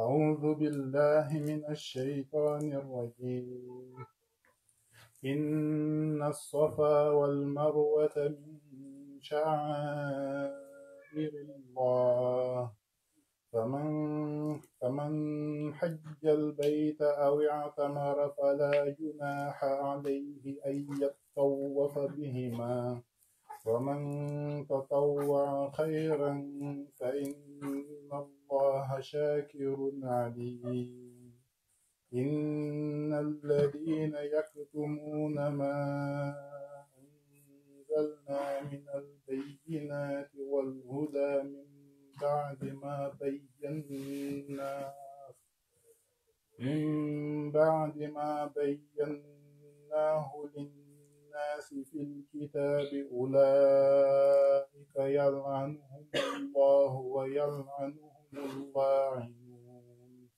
أعوذ بالله من الشيطان الرجيم إن الصفا والمروة من شعائر الله فمن فمن حج البيت أو اعتمر فلا جناح عليه أن يطوف بهما ومن تطوع خيرا فإن الله الله شاكر عليم إن الذين يكتمون ما أنزلنا من البينات والهدى من بعد ما بيناه من بعد ما بيناه للناس في الكتاب أولئك يلعنهم الله ويلعنهم الضاعون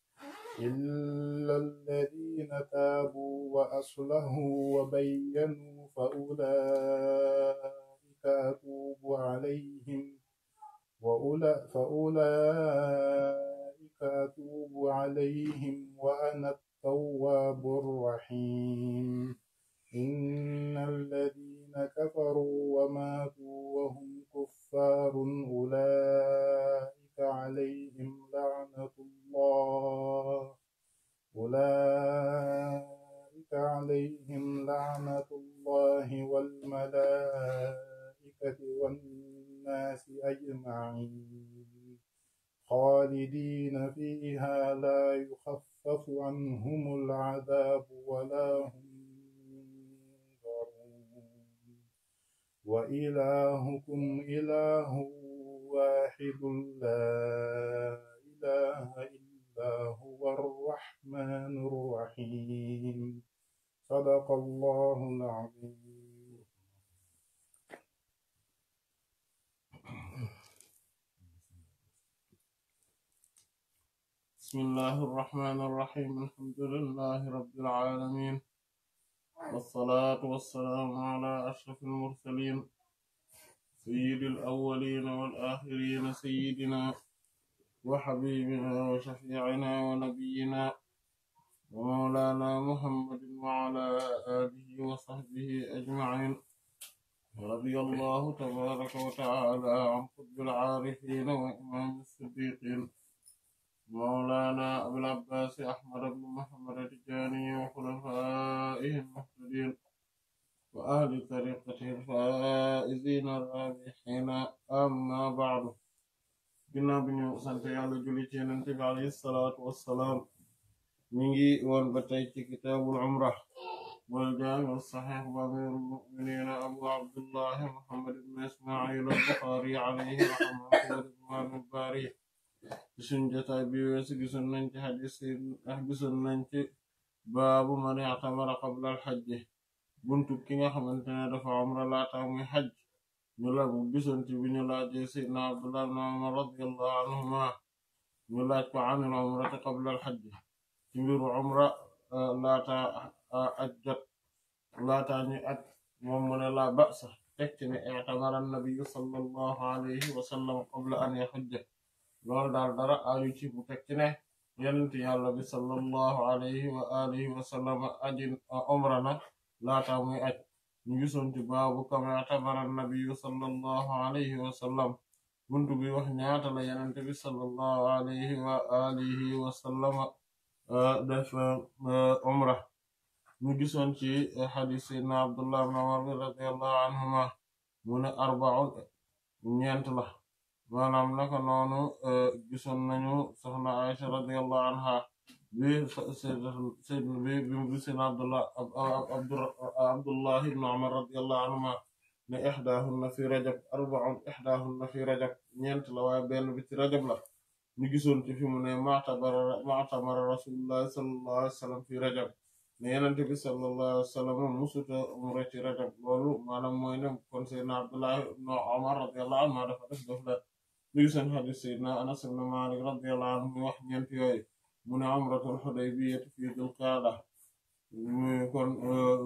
إلا الذين تابوا وأصلحوا وبينوا فأولئك أتوب عليهم فأولئك أتوب عليهم وأنا التواب الرحيم إن الذين كفروا وماتوا وهم كفار أولئك عليهم لعنة الله أولئك عليهم لعنة الله والملائكة والناس أجمعين خالدين فيها لا يخفف عنهم العذاب ولا هم وإلهكم إله واحد لا إله إلا هو الرحمن الرحيم صدق الله العظيم بسم الله الرحمن الرحيم الحمد لله رب العالمين والصلاة والسلام على أشرف المرسلين سيد الأولين والآخرين سيدنا وحبيبنا وشفيعنا ونبينا ومولانا محمد وعلى آله وصحبه أجمعين رضي الله تبارك وتعالى عن قطب العارفين وإمام الصديقين mawlana abul abbas ahmad ibn muhammad at-tijani wa khulafaihi al-muhtadin wa ahli tariqatihi al-faizina ar-rabihina amma ba'du ginnaaw bi ñu sant yàlla julli ci yonent bi alayhi salaatu wassalaam mi ngi woon ba tey ci kitaabul umra wal jaami as-sahih wa amirul mu'minin abu abdullah muhammad ibn isma'il al-bukhari alayhi rahmatullahi wa barakatuh suñ jotaay bi weesu gisoon nañ ci xadis ndax gisoon nañ ci baabu man i'tamara qabla al-hajj buntu ki nga xamante ne dafa umra laata muy xaj ñu la bu gisoon ci bi ñu laajee sayyidina Abdullah ibn Umar radiyallahu anhuma ñu laaj ko anil umrati qabla al-hajj ci mbiru umra e, laata ak jot laata ñu ak moom mu ne la ba'sa tekki ne i'tamara an-nabiyyu sallallahu alayhi wa sallam qabla an yahujja loolu daal dara ayu ci bu fekk ne yàlla bi sallallahu alayhi wa alihi wa sallam ajin umra uh, na laata muy aj ñu gisoon baabu kama tabara nabiyu sallallahu alayhi wa sallam buntu bi wax ñaata la yonent bi sallallahu alayhi wa alihi wa sallam umra uh, uh, ñu gisoon ci xadis sayyidina abdullah ibn umar radiyallahu anhuma mu ne arba'un ñeent la maanaam naka noonu euh, gisoon nañu soxna Aisha radiyallahu anha bi sayyid bi bi mu gisoon Abdullah Abdullah ibn Umar radiyallahu anhuma ne ihdahunna fi rajab arba'un ihdahunna fi rajab ñeent la waaye benn bi ci rajab la ñu gisoon ci fi mu ne ma'tabara ma'tamara rasulullah sallallahu alayhi wa sallam fi rajab ne yenente bi sallallahu alayhi wa sallam musuta umra ci rajab loolu maanaam mooy ne kon seydna Abdullah ibn Umar radiyallahu anhuma dafa def def la nuyu seen xadis sayyidina Anas ibn Malik radiyallahu mu wax ñeent yooyu mu ne umratul Hudaybiyyah fii Dul Qaada kon uh,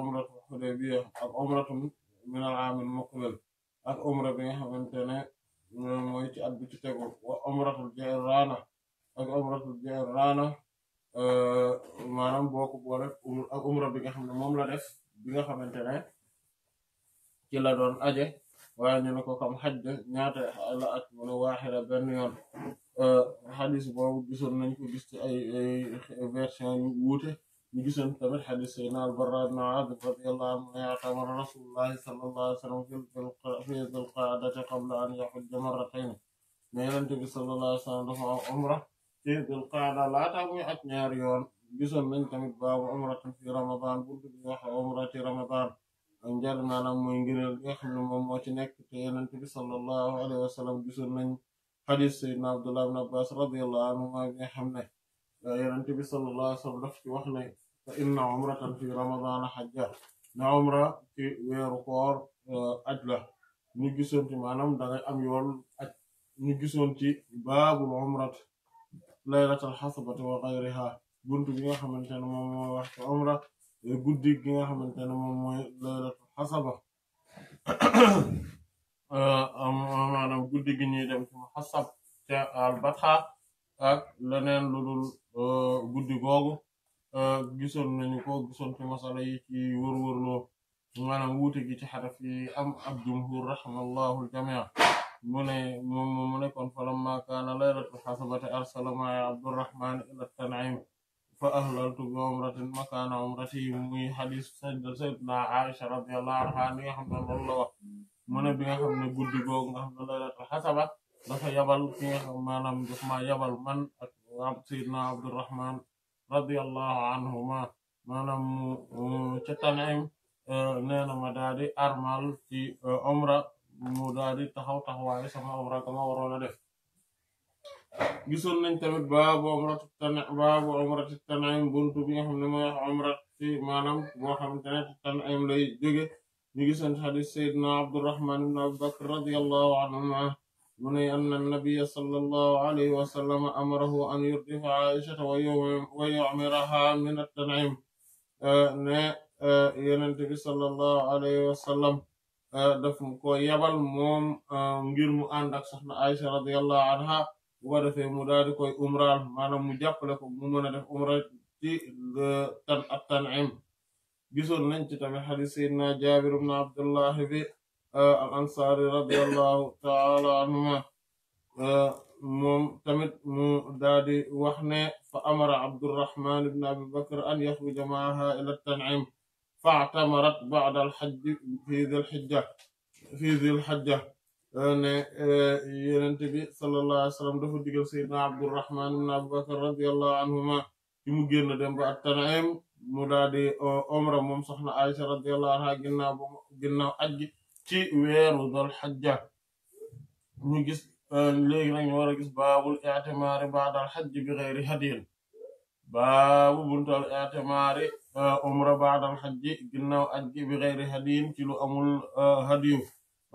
umratul Hudaybiyyah ak umratun min al-aamil muqbil ak umra bi nga xamante ne uh, mooy ci at bi ci tegu wa uh, umra bi nga xam ne moom la bi nga xamante ne ci la aje waaye ñu ne ko kam xaj de ñaata la at mu ne waaxira benn yoon xadis boobu gisoon nañ ko gis ci ay version yu wuute ñu gisoon tamit xadis sayyidina al-Barra ibn Aazib radiyallahu anhu ne i'tamara rasulullahi sallallahu alayhi wa sallam fi dhil qa'dati qabla an yahujja marratayn ne yonent bi sallallahu alayhi wa sallam dafa am umra fi dhil qa'da laataa muy at ñaari yoon gisoon nañ tamit baabu umratin fi ramadan buntu bi wax umrati ramadan a njariñ maanaam mooy ngëneel xam ne moom moo ci nekk te yenent bi sallallahu alayhi wa sallam gisoon nañ xadis sayyidina Abdullah ibn Abbas radiyallahu nga xam ne euh, yenent bi sallallahu alayhi wa ci wax ne fa inna umratan fi ramadana hajja na umra ci weeru koor euh, aj la ñu gisoon ci maanaam dangay am yool aj ñu gisoon ci baabul umrat laylatal xasabati wa xayriha buntu bi nga xamante ne wax ci umra guddi gi nga xamante ne moom mooy laylatul xasaba maanaam guddi gi ñuy dem ci mu xasab ca albatxa ak leneen lu dul guddi googu gisoon nañu ko gisoon ci masala yi ci wërwërloo maanaam wuute gi ci xaraf yi am ab jumhur rahimallahu aljamia mu ne moom mu nekkoon falamma kaana laylatul xasabati arsala ma'a abdurrahman ila tan'im fa ahlaltu bi umratin makaana umrati muy xadis sayyidina Aisha radiyallahu anha ni nga xam ne loolu la wax mu ne bi nga ne guddi googu nga xam ne laylatul xasaba dafa yabal ma yabal man ak sayyidina Abdurrahman radiyallahu anhuma maanaam mu ca Tan'im eh, na ma daal armal ci eh, umra mu daal di taxaw taxawaaye sama umra ka ma waroon a gisoon nañ tamit baabu umratu tan baabu umratu tan'im buntu bi nga xam ne mooy umra ci maanaam boo xamante ne tan'im lay jóge ñu gisoon xadis sayyidina abdurrahman ibn abubakr radiyallahu anhuma mu ne anna nabiyya sallallahu alayhi wa sallam amarahu an yurdifa aishata wa yu'miraha min at-tan'im ne yonent bi sallallahu alayhi wa sallam daf ko yabal moom ngir mu ànd ak soxna aisha radiyallahu anha bu ko defee mu daal di koy umraal maanaam mu jàppale ko mu mën a def umra ci tan ak tanim gisoon nañ ci tamit xadis sayyidina Jaabir ibn Abdullah bi al ansaari radiyallahu taala anhuma moom tamit mu daal di wax ne fa amara Abdurrahman ibn Abi Bakr an yaxruja maaha ila tanim fa atamarat ba'da al hajj fi dhil hijja fi dhil hijja Euh, ne euh, yenent bi sallallahu alayhi wa sallam dafa digal sayyidna abdurrahman ibn abubakar radiyallahu anhuma ci mu génn dem ba at-Tan'im mu daal euh, omra moom soxna Aisha radiyallahu anha ginnaaw ginnaaw ajji ci weeru dul hajja ñu gis léegi na ñu war a gis baabul i'timaari ba'dal hajji bi ghayri hadyin baabu buntal i'timaari omra ba'dal hajji ginnaaw ajji bi ghayri hadyin ci lu amul hadiyu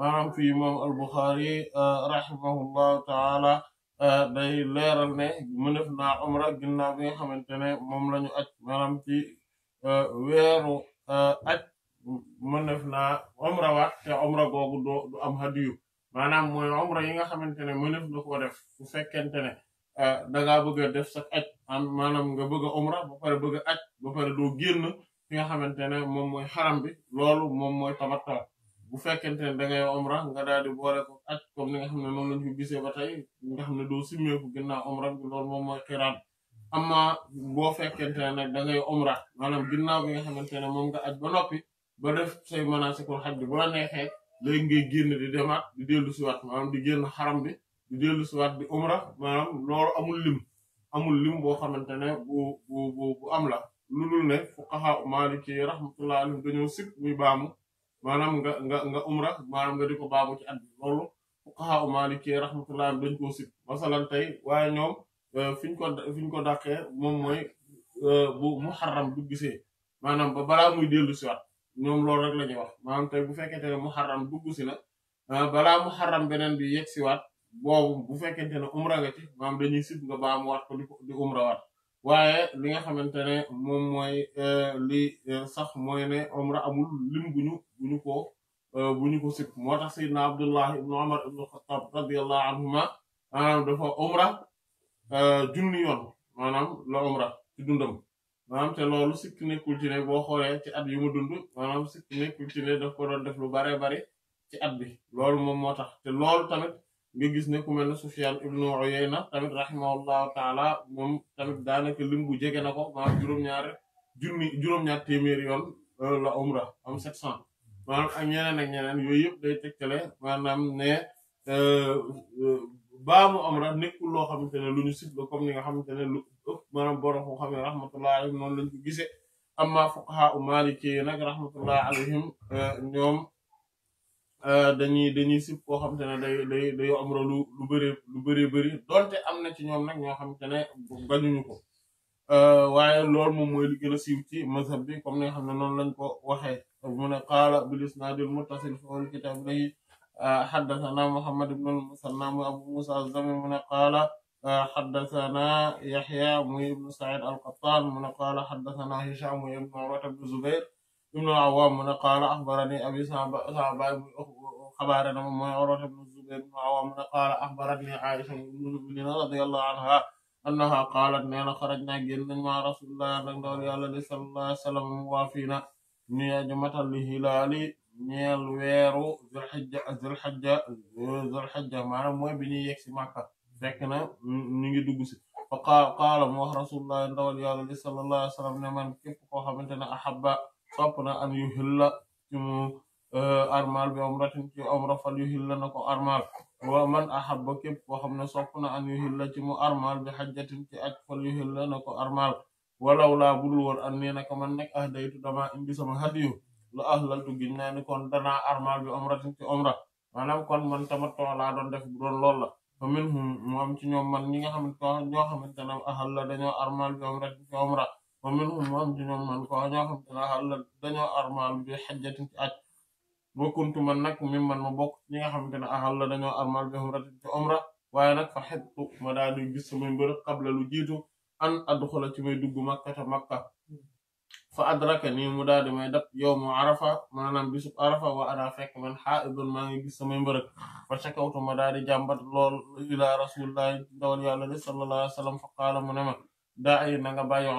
maanaam fi imam al-Bukhari eh, rahimahullahu ta'ala eh, day leeral ne mënef naa umra ginnaaw bi nga xamante ne moom lañu aj maanaam ci eh, weeru aj mënef naa umra waat te umra googu du am hadiyu maanaam mooy umra yi nga xamante ne mënef na ko def su fekkente ne da ngaa bëgg a def sax nga bëgg umra ba pare bëgg a aj ba pare doo génn fi nga xamante ne moom mooy xaram bi loolu moom mooy tamattu bu fekkente ne da omra nga daal di boole ko aj comme ne ba tey nga xam ne doo simmeeku ginnaaw omra bi loolu moom mooy xiraan amma boo fekkente ne nag da ngay omra maanaam ginnaaw bi nga xamante ne moom nga aj ba noppi ba def say ko xaj bi bu la neexee léegi ngay génn di demaat di dellu siwaat maanaam di génn xaram bi di dellu siwaat di omra maanaam loolu amul lim amul lim boo xamante ne bu bu am la lu dul ne fuqaha maliki rahmatullah alayhim dañoo sip muy baamu maanaam nga nga nga umra maanaam nga di ko baamu ci at bi loolu fuqaha maliki rahmatullah dañ koo sib masalan tey waaye ñoom euh, fi ko fi ñu ko dàqee moom mooy euh, bu muharram du gisee maanaam ba balaa muy dellu si waat ñoom loolu rek la ñuy wax maanaam tey bu fekkente ne muharram dugg si na euh, balaa muharram beneen bi yegg si waat boobu bu fekkente ne umra nga ci maanaam dañuy sib nga baamu waat ko di umra waat waaye li nga xamante ne moom mooy li sax mooy ne umra amul lim bu ñu bu ñu euh, bu ñu ko sib moo tax sayyidna Abdullah ibn Umar ibn Khattab radiyallahu anhuma maanaam dafa umra euh, junni yoon maanaam la umra ci dundam maanaam te loolu sikk nekkul ci ne boo xoolee ci at yu mu dund maanaam sikk nekkul ci ne daf ko def lu bare bari ci at bi loolu moom moo tax te loolu tamit nga gis ne ku mel ne Sufyan ibn Uyayna tamit rahimahullahu taala moom tamit daanaka lim jege na ko juróom-ñaar junni euh, la umra am 700 maanaam ak ñeneen ak ñeneen yooyu yëpp day tegtale maanaam ne euh, euh, baamu umra nekkul loo xamante ne lu ñu sit la comme ni nga xamante ne lu ëpp xam ne rahmatullah alayhim noonu lañ gisee amma fuqaha u maliki yi nag rahmatullah alayhim euh, dañuy dañuy sib koo xamante ne day day day lu lu bëri lu bëri bëri donte am na ci ñoom nag ñoo xamante ne bañuñu ko waaye loolu moom mooy li gën a ci mazhab bi comme ni nga xam ne noonu lañ ko waxee ومن قال بالإسناد المتصل في الكتاب لي حدثنا محمد بن المثنى أبو موسى الزمي من قال حدثنا يحيى مي بن سعيد القطان من قال حدثنا هشام بن عروة بن الزبير بن العوام من قال أخبرني أبي سعبة أخبرنا مي عروة بن الزبير بن العوام من قال أخبرني عائشة بن رضي الله عنها أنها قالت نحن خرجنا جنا مع رسول الله صلى الله عليه وسلم وافينا نياج متل الهلال نيل ويرو ذو الحجة ذو الحجة ذو الحجة معنا موي بني يكسي مكة فكنا نيجي دوغس فقال قال موه رسول الله صلى الله عليه وسلم نمان كيف كو خامتنا احبا صبنا ان يهلل تمو آه، ارمال بعمره تي عمره فل يهلل نكو ارمال ومن احب كيف كو خامنا صبنا ان يهلل تمو ارمال بحجه تي اك فل يهلل نكو ارمال walaw laa budul woon an nee naka man nekk ah daytu damaa indi sama hadiyu lu ahlaltu giñ naa ni kon danaa armal bi umratin ci umra maanaam kon man tamattu laa fa minhum mu man ñi nga xam ñoo xamante ne ahalla dañoo armal bi umratin ci umra ko ñoo la da ahalla dañoo armal bi hajjatin ci kuntu man nag mim man ma bokk ñi nga xamante ne ahalla dañoo armal bi umratin ci umra waaye nag fa xettu ma daal di gis samay mbërëg qabla lu jiitu an adkhala ci may dugg makkata makka hmm. fa adraka nii mu di may dab yawm mu arafa maanaam bisub arafa wa ana fek man xaaidun mangi ngi gis samay mbeureuk fa shakawtu ma di ila rasulullah dawal yalla ni sallallahu alaihi wasallam fa qala munama da'i na nga bayu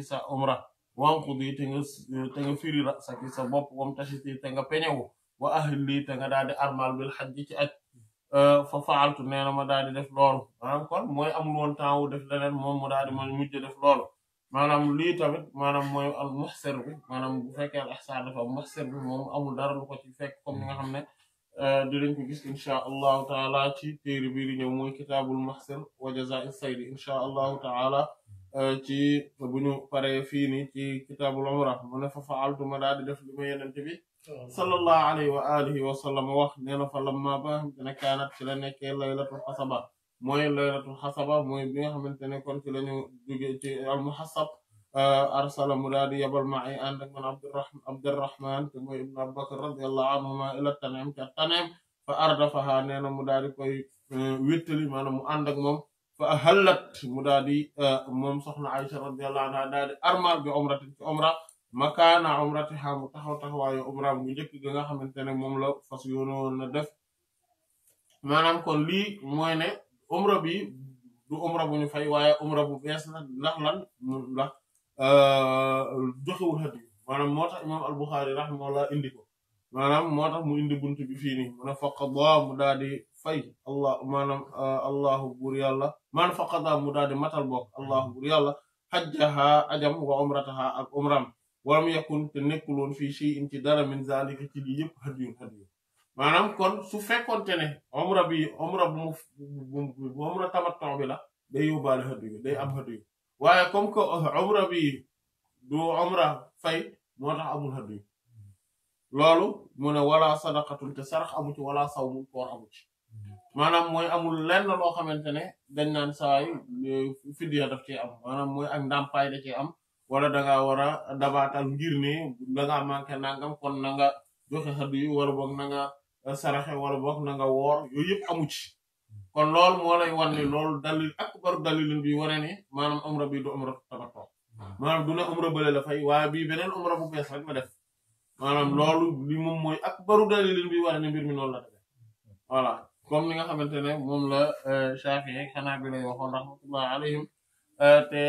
sa umra wa qudi te nga firi ra saki sa bopp wam tashiti te nga wa ahli te nga armal bil hajji ci fa faaltu nee na ma daal di def loolu maanaam kon mooy amul woon temps wu def leneen moom mu daal di ma mujj def loolu maanaam lii tamit maanaam mooy al muhsir bi maanaam bu fekkee al ihsaan dafa muhsir bi moom amul dara lu ko ci fekk comme ni nga xam ne dinañ ko gis insha allahu taala ci téere bii di ñëw mooy kitaabul muhsir wa jazaa'i saydi insha allahu taala ci bu ñu paree fii nii ci kitaabul umra mu ne fa faaltu ma daal di def li ma yenente bi sallallahu alayhi wa alihi wa sallam wax nee na fa lamma ba xamante ne kaanat ci la nekkee laylatul xasaba mooy laylatul xasaba mooy bi nga xamante ne kon ci la ñu jóge ci almuhassab euh, arsala mu daal di yabal ma ay ànd ak man abdurrahman abdurrahman te mooy ibn abubakar anhuma ila taneem ca taneem fa ardafaha nee na mu daal di koy euh, wéttali maanaam mu ànd ak moom fa hallat mu daal di euh, moom so Aisha radiyallahu anha daal di armal bi umratin ci makana umratiha mu taxaw taxawaayu umra bu ñëk gi nga xamantene mom la fas yono na def manam kon li moy ne umra bi du umra bu ñu fay waye umra bu bes na ndax lan ndax euh xët yi maanaam al Bukhari rahimahullah indi ko manam motax mu indi buntu bi fi ni mu ne mu fay allah manam allahu bur yalla man faqadaa mu eh, matal bok allahu bur yalla hajjaha ajam wa umrataha ak umram walam yakun te nekkuloon fii shay in ci dara min zalika ci lii yëpp hadiyun hadiyun maanaam kon su fekkoonte ne omra bi omra bu mu omra tamattu bi la day yóbbaale hadiyu day am hadiyu waaye comme que bi du omra fay moo tax amul hadiyu loolu mu ne wala sadaqatun te sarax amu ci wala sawmun koor amu ci maanaam mooy amul lenn loo xamante ne dañ naan saay eh, fidiya daf ci am maanaam mooy ak ndàmpaay da ci am wala da ngaa war a dabaatal ngir ne da ngaa manqué kon na nga joxe xaddu wala boog na nga eh, saraxe wala boog na nga woor yooyu yëpp amu ci kon lool moo lay wan ne loolu dalil akbar dalilun bi wane ne maanaam bi du umra tamattu bu bees rek def maanaam loolu bi moom mooy akbaru dalilun bi wane ne mbir mi noonu la def voilà comme ni nga xamante ne moom la eh, Shafi'i xanaa bi lay waxoon rahmatullah alayhim eh, te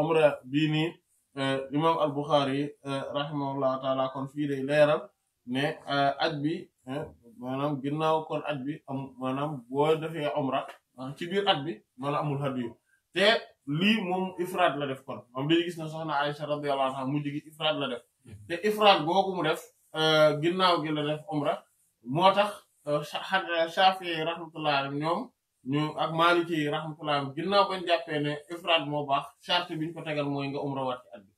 umra bii nii Euh, imam al Bukhari euh, rahimahullahu taala kon fii day leeral ne euh, at bi maanaam ginnaaw kon aj bi am maanaam boo defee umra ci biir at bi maanaam amul hadiyu te lii moom ifraad la def kon moom dañu gis ne soxna Aisha radiyallahu anha mujj gi ifraad la def te ifraad googu mu def ginnaaw gi la def umra moo tax Shafi'i rahmatullahi alayhi ñoom ñu ak Maliki yi rahmatullah ginnaaw bañ jàppee ne ifrad moo baax charte biñ ko tegal mooy nga umra waat ci at bi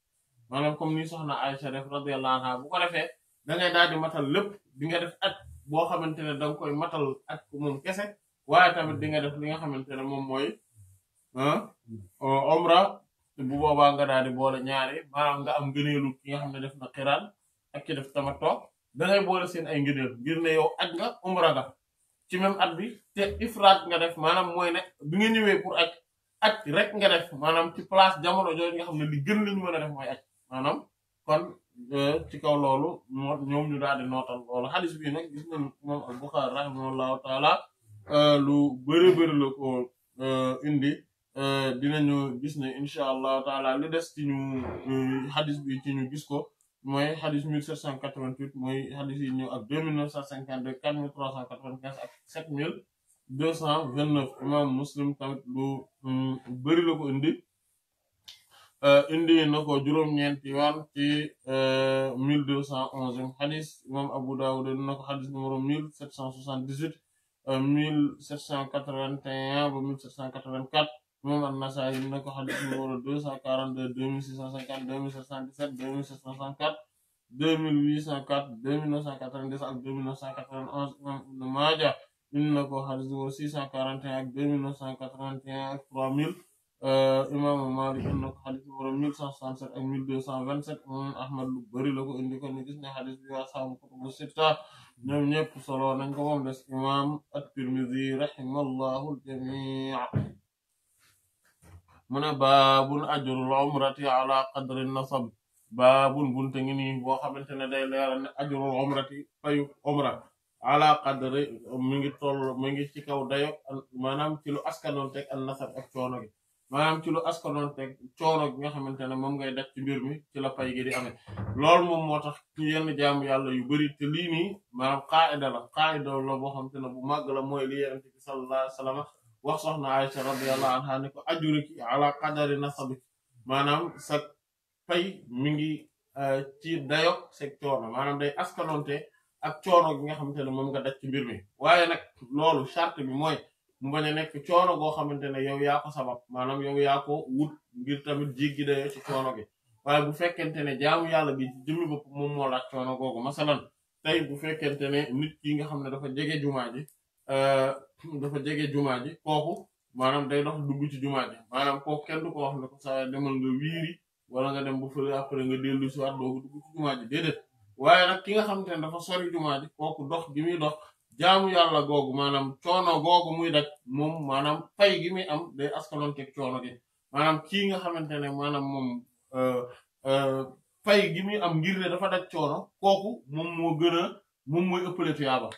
maanaam comme ni soxna Aisha def radiyallahu anha bu ko defee da lépp di nga def at boo xamante ne da koy matal at moom kese nga def li nga xamante ne moom mooy ah, umra bu boobaa nga daal di boole ñaari am ngëneelu ki nga xam ne def na xiraan ak ki def tamattu da ngay boole seen ay ngëneel ngir ne yow at nga umra nga ci même at bi te ifraat nga def maanaam mooy ne bi nga ñëwee pour aj aj rek nga def maanaam ci place jamono jooju nga xam ne li lañu mën a def mooy aj maanaam kon euh, ci kaw loolu ñoom ñu daal di nootal loolu xadis bi nag gis nañu moom al-Bukhari euh, lu bëri bëri la ko euh, indi dinañu gis ne incha allahu taala li des ci ñu xadis bi ci ñu gis ko mooy xadis 1788 mooy xadis yi ñëw ak 2952 4395 ak 7229 imam muslim tamit lu bëri la ko indi euh, indi na ko juróom-ñeenti yoon ci 1211 euh, xadis imam abu dawud na ko xadis numéro 1778 1781 euh, ba 1784 memanasahina ku hadis murudu sakaran de demi sesasakan demi sesandisan demi sesasangkat demi wisakat demi nosakat dan desa demi nosakat dan os nemaja inna ku hadis sisa sakaran teak demi nosakat dan teak pramil eh, imam malik inna ku hadis muramil sasanset emil de savanset um ahmad lubari loko indika nikisnya hadis biasa kutubu sita ñoom ñepp solo nañ ko mom des imam at-tirmidhi rahimallahu al mana babun ajrul umrati ala qadri nasab babun bunte ngi ni bo xamantene day leral ne ajrul umrati fayu umra ala qadri mi ngi toll mi ngi ci kaw dayo manam ci lu askanon tek al nasab ak choono gi manam ci lu askanon tek choono gi nga xamantene mom ngay def ci mbir mi ci la fay gi di amé loolu mom motax ci yenn yalla yu bari te li ni manam qaida la qaida la bo xamantene bu mag la moy li bi sallallahu alayhi wasallam wax soxna Aisha radiyallahu anha ne ko ajuriki ala qadari nasabiki maanaam sa pay mi ngi eh, ci dayok sa coono maanaam day askanonte ak coono gi nga xamante ne moom nga daj ci mbir mi waaye nag loolu charte bi mooy mu bañ a nekk coono goo xamante ne yow yaa ko sabab maanaam yow yaa wut ngir tamit jéggi dayoo ci coono gi waaye bu fekkente ne jaamu yàlla bi jëmmi bopp moom moo laaj coono googu masalan tey bu fekkente ne nit nga xam ne dafa jege jumaa ji eh, dafa jege jumaa ji kooku maanaam day dox dugg ci jumaa ji maanaam kooku kenn du ko wax ne ko saa demal nga wiiri wala nga dem ba fële après nga dellu si waat doogu dugg waaye nag ki nga xamante ne dafa sori jumaa ji kooku dox gi muy dox jaamu yàlla googu maanaam coono googu muy daj moom maanaam pay gi muy am day askanonteeg coono gi maanaam kii nga xamante ne maanaam moom pay euh, euh, gi muy am ngir ne dafa daj coono kooku moom moo gën a moom mooy ëppale tuyaaba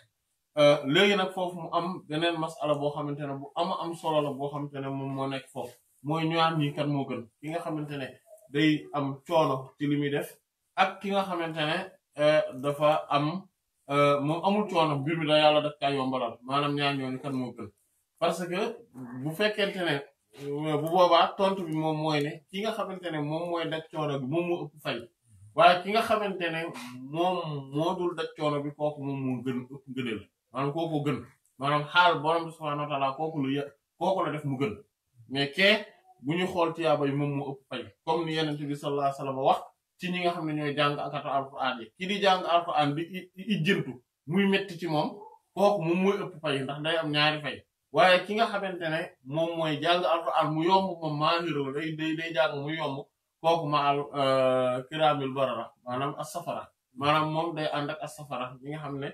Euh, léegi nag foofu mu am beneen masala boo xamante ne bu am am solo la boo xamante ne moom moo nekk foofu mooy ñaar ñi kan moo gën ki nga xamante ne day am coono ci li muy def ak ki nga xamante ne euh, dafa am euh, moom amul coono mbir mi da yàlla daf kaa yombalal maanaam ñaar ñooñu kan moo gën parce que bu fekkente ne bu boobaa tontu bi moom mooy ne ki nga xamante ne moom mooy daj coono bi moom moo ëpp fay waaye ki nga xamante ne moom moo dul daj coono bi kooku moom gën gëneel maanaam kooku gën maanaam xaal borom subhaanahu wa ta'aala kooku lu yë kooku la def mu gën mais kee bu ñu xool tiyaaba yi moom moo ëpp fay comme ni yenente bi sallallahu alayhi wa wax ci ñi nga xam ne ñooy jàng akatu alquran yi ki di jàng alquran di ijjëntu muy metti ci moom kooku moom mooy ëpp fay ndax day am ñaari fay waaye ki nga xamante ne moom mooy jàng al mu yomb moom maahiroo day day day mu yomb kooku ma al euh, kiramil barara maanaam as-safara maanaam moom day ànd ak as nga xam ne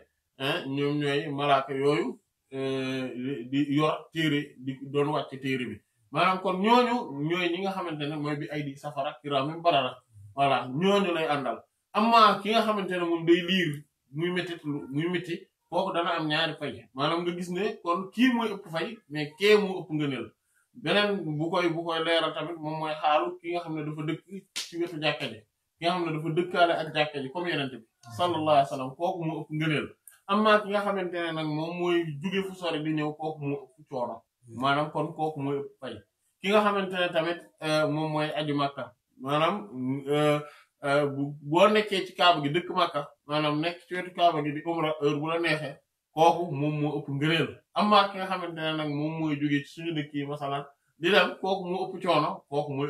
ñoom ñooy malaaka yooyu euh, di yor téere di doon wàcc téere bi maanaam kon ñooñu ñooy ñi nga xamante ne mooy bi ay di safara kiraamin barara voilà ñooñu lay àndal amma ki nga xamante ne moom day liir muy métti muy métti dana am ñaari fay maanaam nga gis ne kon kii mooy ëpp fay mais kee moo ëpp ngëneel beneen bu koy bu koy leeral tamit moom mooy xaalu ki nga xam ne dafa dëkk ci wetu jàkka ji ki nga xam ne dafa dëkkaale ak jàkka ji comme yenente bi sallallahu amma ki nga xamante ne nag moom mooy jóge fu sori di ñëw kooku moo ëpp coono hmm. maanaam kon kooku mooy ki nga xamante ne tamit euh, moom mooy aju màkka maanaam euh, euh, boo nekkee ci kaaba gi dëkk màkka maanaam nekk ci wetu gi di umra heure bu la neexee kooku moom moo ëpp ngëneel amma ki nga xamante ne nag moom mooy jóge ci suñu dëkk yi di dem kooku moo ëpp coono kooku mooy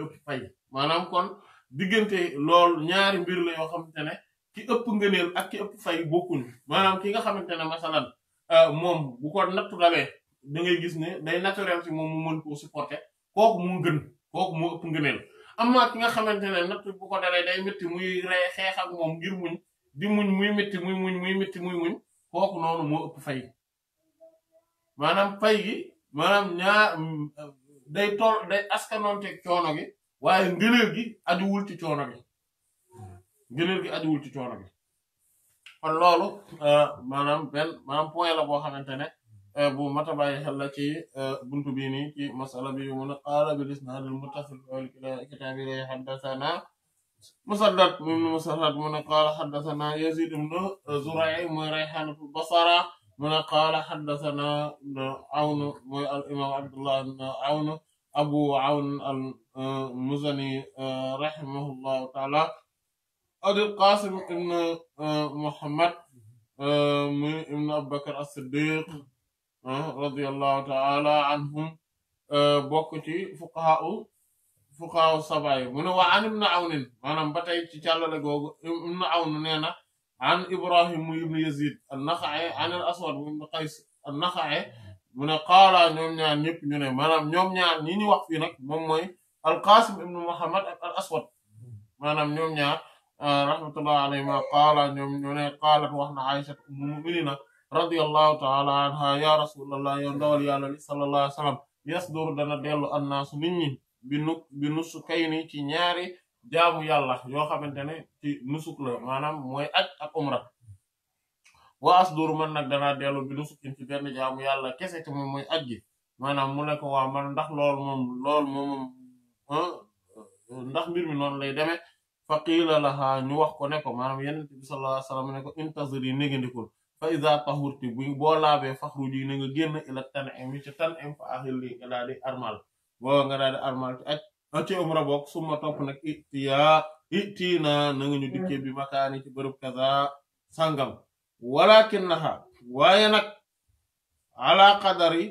maanaam kon diggante loolu ñaari mbir la yoo xamante ki ëpp ngëneel ak ki ëpp fay bokkuñu maanaam ki nga xamante ne masalan euh, moom bu ko nattu dalee da ngay gis ne day naturel ci moom mu mën koo supporter kooku moo gën kooku moo ëpp ngëneel amma ki nga xamante ne natt bu ko dalee day métti muy rey xeex moom ngir muñ di muñ muy métti muy muñ muñ kooku noonu moo ëpp fay maanaam fay gi maanaam ñaar day tool day askanoonte coono gi waaye ngëneel gi ajuwul ci coono gi ngëneel gi ajuwul coono bi kon loolu euh, maanaam point la boo xamante ne euh, bu mata bàyyi xel ci euh, buntu bii ci masala bi mun qaala bil isnaadil muttasil fil kitaabi qaala haddathana yazid ibn zurai mooy rayhan basara mun qaala haddathana awn mooy al imam abdullah ibn awn abu awn al muzani rahimahullahu taala Abul Qasim ibn uh, Muhammad uh, muy ibn Abubakar as-Siddiq uh, radiyallahu ta'ala anhum bokk ci fuqahaa'u fuqahaa'u sab'a yi mu ne wa an ibn Awn maanaam ba tey ci càllale googu ibn Awn nee na an Ibrahim ibn Yazid an-Nakha'i an al-Aswad muy ibn Qays an-Nakha'i mu ne qaala ñoom ñaar ñëpp ñu ne maanaam ñoom ñaar ñi ñu wax fii nag mooy al Qasim ibn Muhammad al Aswad maanaam ñoom ñaar rahmatullah alayhima qaala ñoom ñu ne qaalat wax na Aisha ummul mu'minina radiyallahu ta'ala anha ya rasulallah yow ndawal yàlla li sallallahu alayhi dana dellu annaasu nit ñi bi nu ci ñaari jaamu yàlla yoo xamante ne ci nusuk la maanaam mooy aj ak umra wa asduru man nag danaa dellu bi nusukin ci benn jaamu yàlla kese te moom mooy aj gi maanaam mu ne ko waa man ndax lool moom lool moom ah, ndax mbir mi noonu lay demee fa qiila ñu wax ko ne ko maanaam yenente bi sallallahu alayhi wasallam ne ko intaziri négandikul fa boo laabee faxruji na nga génn ila tan'im ci tan'im fa ahilli nga daal armal boo nga daal armal ci aj ci umra bokk suma topp nag itiya itina na nga ñu dikkee bi makaani ci bërëb kaza sàngam walakin naha waaye nag ala qadari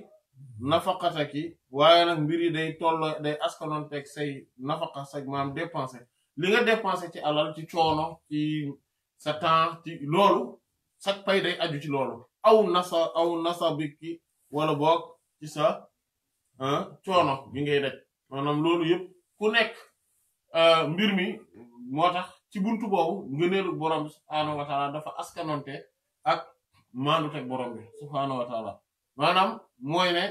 nafaqataki waaye nag mbiri day toll day askanoon teg say nafaqa sag maam dépensé li nga dépensé ci alal ci coono ci sa temps ci loolu sa pay day aju ci loolu aw nasa aw nasa bi ki wala boog ci sa coono bi ngay def maanaam loolu yëpp ku nekk euh, mbir mi moo tax ci buntu boobu ngëneelu borom bi subhaanahu dafa askanonte ak maanduteeg borom bi subhaanahu wa taala maanaam mooy ne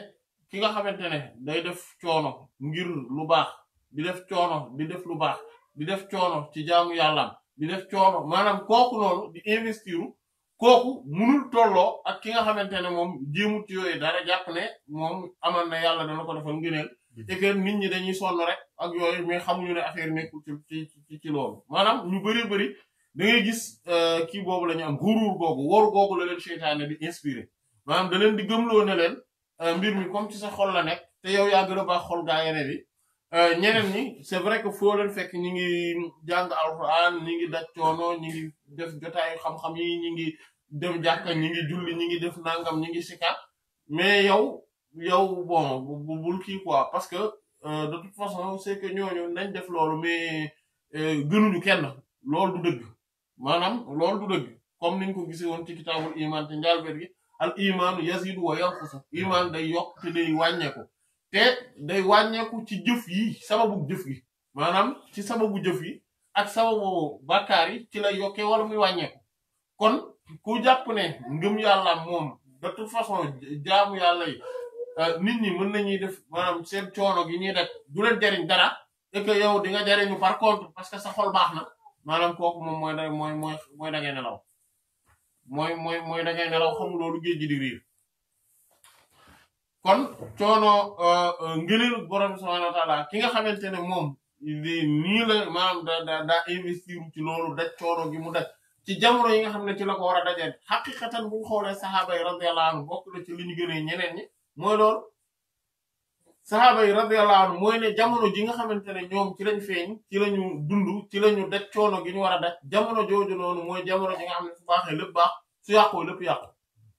ki nga xamante ne day def coono ngir lu baax di def coono di def lu baax bi def coono ci jaamu yàllaam di def coono maanaam kooku noonu di investiru kooku munul tolloo ak ki nga xamante ne moom jéemut yooyu dara jàpp ne moom amal na yàlla dana ko defal ngëneel et que nit ñi dañuy sonn rek ak yooyu mais xamuñu ne affaire nekkul ci ci ci loolu maanaam ñu bari bari da ngay gis euh, kii boobu la ñu am guruur googu waru googu la leen seytaane di inspiré maanaam da di gëmloo ne leen euh, mbir mi comme ci sa xol la nekk te yow yaa gën a baax gaa yeneen Euh, ñeneen ñi c'est vrai que foo leen fekk ñi ngi jàng alxuraan ñi ngi daj coono ñi ngi def jotaayu xam-xam yi ñi ngi dem jàkka ñi ngi julli ñi ngi def nangam ñi ngi sikka mais yow yow bon bul kii quoi parce que euh, de toute façon c'est que ñooñu nañ def loolu mais euh, gënuñu kenn loolu du dëgg maanaam loolu du dëgg comme niñ ko gisee woon ci kitaabul iman te njaalbet gi al imaanu yazidu wa yanqusu iman day yokk te day wàññeeku te day wàññeeku ci jëf yi sababu jëf yi maanaam ci bu jëf yi ak sababu bàkkaar yi ci la yokkee wala muy wàññeeku kon ku jàpp ne ngëm yàlla moom de toute façon jaamu yàlla yi euh, nit ñi mën nañuy def maanaam seen coono gi ñuy def du leen jariñ dara et que yow di nga jariñu par contre parce que sa baax na maanaam kooku moom mooy mooy mooy mooy da ngay nelaw mooy mooy mooy da nelaw xam loolu géej gi di riir kon coono euh, ngëneelu borom subhaanahu wa ki nga xamante ne moom nii la maanaam da da daa investir ci loolu daj coono gi mu daj ci jamono yi nga xam ne ci ko war a daje xaqiqatan bu ñu xoolee saxaaba yi radiyallahu anhu bokk ci li ñu gënee ñeneen ñi mooy loolu saxaaba yi radiyallahu anhu mooy ne jamono ji nga xamante ne ñoom ci lañ feeñ ci lañu dundu ci la ñu daj coono gi ñu war a daj jamono jooju noonu mooy jamono ji nga xam su baaxee lépp su yàqoo lépp yàqu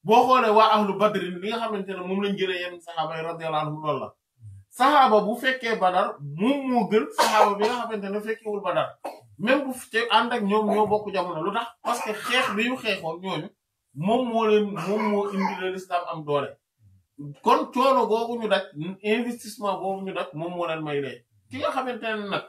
boo xoolee waa ahlu badrin li nga xamante ne moom lañ gën a yenn saxaaba yi radiyallahu anhum loolu la saxaaba bu fekkee badar moom moo gën bi nga xamante ne fekkewul badar même bu te ànd ak ñoom bokk jamono lu tax parce que xeex bi ñu xeexoon moom moo leen moom am doole kon coono googu ñu daj investissement boobu ñu daj moom moo leen may ki nga xamante nag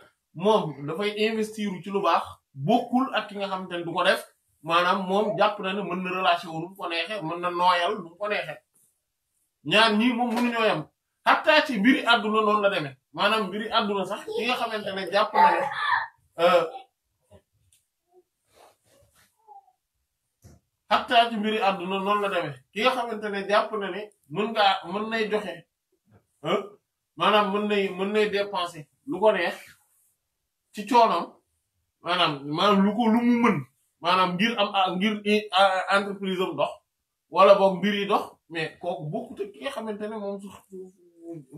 moom dafay investir ci lu baax bokkul ak ki nga xamante ne du ko def maanaam moom jàpp na ne mën na relation nu mu ko mën na nooyal nu mu ko neexee moom mënuñoo yem xattaa ci mbiri àdduna noonu la demee maanaam mbiri àdduna sax ki nga xamante ne jàpp na ne xattaa euh, ci mbiri àdduna noon la deme ki nga xamante ne jàpp na ne mën ngaa mën nay joxe euh, maanaam mën nay mën nay dépenser lu ko ci coonoom maanaam maanaam lu lu mu mën maanaam ngir am ah, ngir eh, ah, entreprise am dox wala boog mbir yi dox mais kooku bokkut ak ki nga xamante ne moom su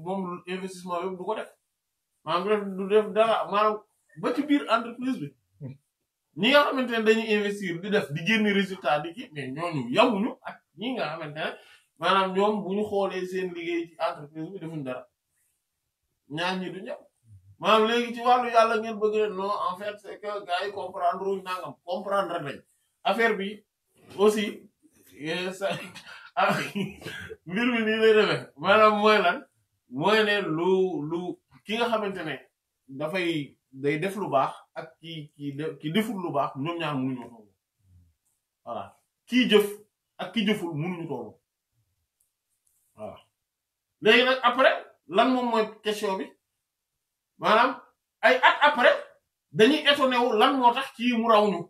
moom investissement yooyu du ko def maanaam du def dara maanaam ba ci biir entreprise bi ñi nga xamante ne dañuy investir di def di génn résultat di kii mais ñooñu yamuñu ak ñi nga xamante ne maanaam ñoom bu ñu xoolee seen liggéey ci entreprise bi defuñ dara ñaar ñi du ñëpp. maanaam léegi ci wàllu yàlla ngeen bëgg ne non en fait c'est que gars yi comprendre ruñ nangam comprendre rek bi aussi ah, mbir mi nii lay demee maanaam mooy lan mooy ne lu lu ki nga xamante ne dafay day def lu baax ak ki ki ki lu baax ñoom ñaar mënuñu toll voilà kii jëf ak ki jëful mënuñu toll voilà léegi nag après lan moom mooy question bi manam ay at après dañuy étonné wu lan motax ci mu raw ñu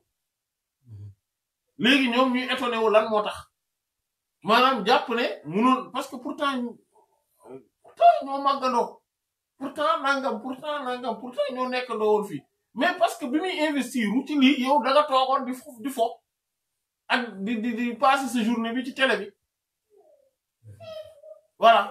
ñom ñuy étonné wu lan motax manam japp né ne parce que pourtant pourtant ñoo màggandoo pourtant nangam pourtant nangam pourtant ñoo nekkandoo woon fi mais parce que bi muy investir wu ci lii yow danga togon di fof di fof ak di di di passer sa journée bi ci télé bi voilà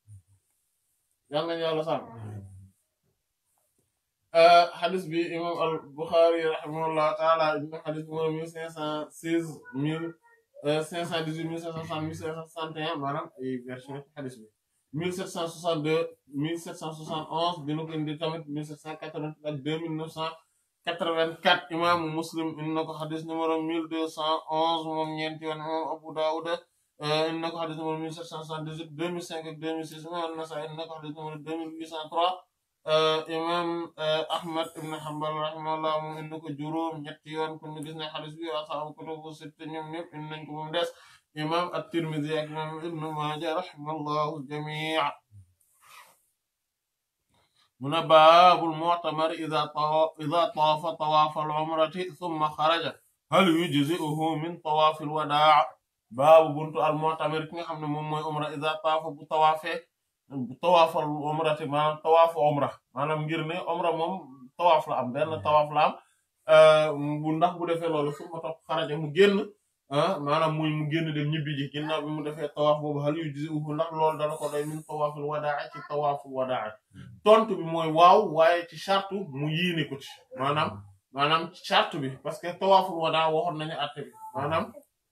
yal nañu yàlla sàmm xadis euh, bi imam al Bukhari rahimahullah taala ibn xadis bi cinq cent seize mille euh, cinq cent dix-huit mille cinq cent soixante cinq cent soixante et un cent cent onze dina ko tamit mille sept quatre-vingt-quatre deux muslim in na ko xadis numéro 1211 moom ñeenti yoon moom Abu Dawud إنك حدثنا من ميسر سان سان دزت دمي سانك دمي سيسنا النسائي إنك حدثنا من دمي بيسان ترى إمام أحمد بن حنبل رحمه الله moom indi ko juróom ñetti yoon kon ñu gis ne xadis bi asaabu kutubu sitta ñoom ñëpp indi nañ ko moom des imam at-Tirmidhi ak imam ibn Maaja rahimahullahu jamii muna baabul mu'tamar idha taafa tawaaf al-umrati thumma xaraja hal yujzi'uhu min tawaaf al-wadaa' baabu buntu al mu'tamir nga xam ne moom mooy umra iza taafa bu tawaafee bu tawaafal umra maanaam ngir ne umra moom tawaaf la am benn tawaaf la am euh, bu ndax bu defee loolu su ma topp mu génn ah, maanaam muy mu génn dem ñibbi ji ginnaaw mu defee tawaaf boobu hal yujzi'uhu ndax loolu dana ko doy min tawaaful wadaa ci tawaaful wadaa tontu bi mooy waaw waaye ci charte mu yéene ko ci maanaam maanaam bi parce que tawaaful wadaa waxoon nañu àtte bi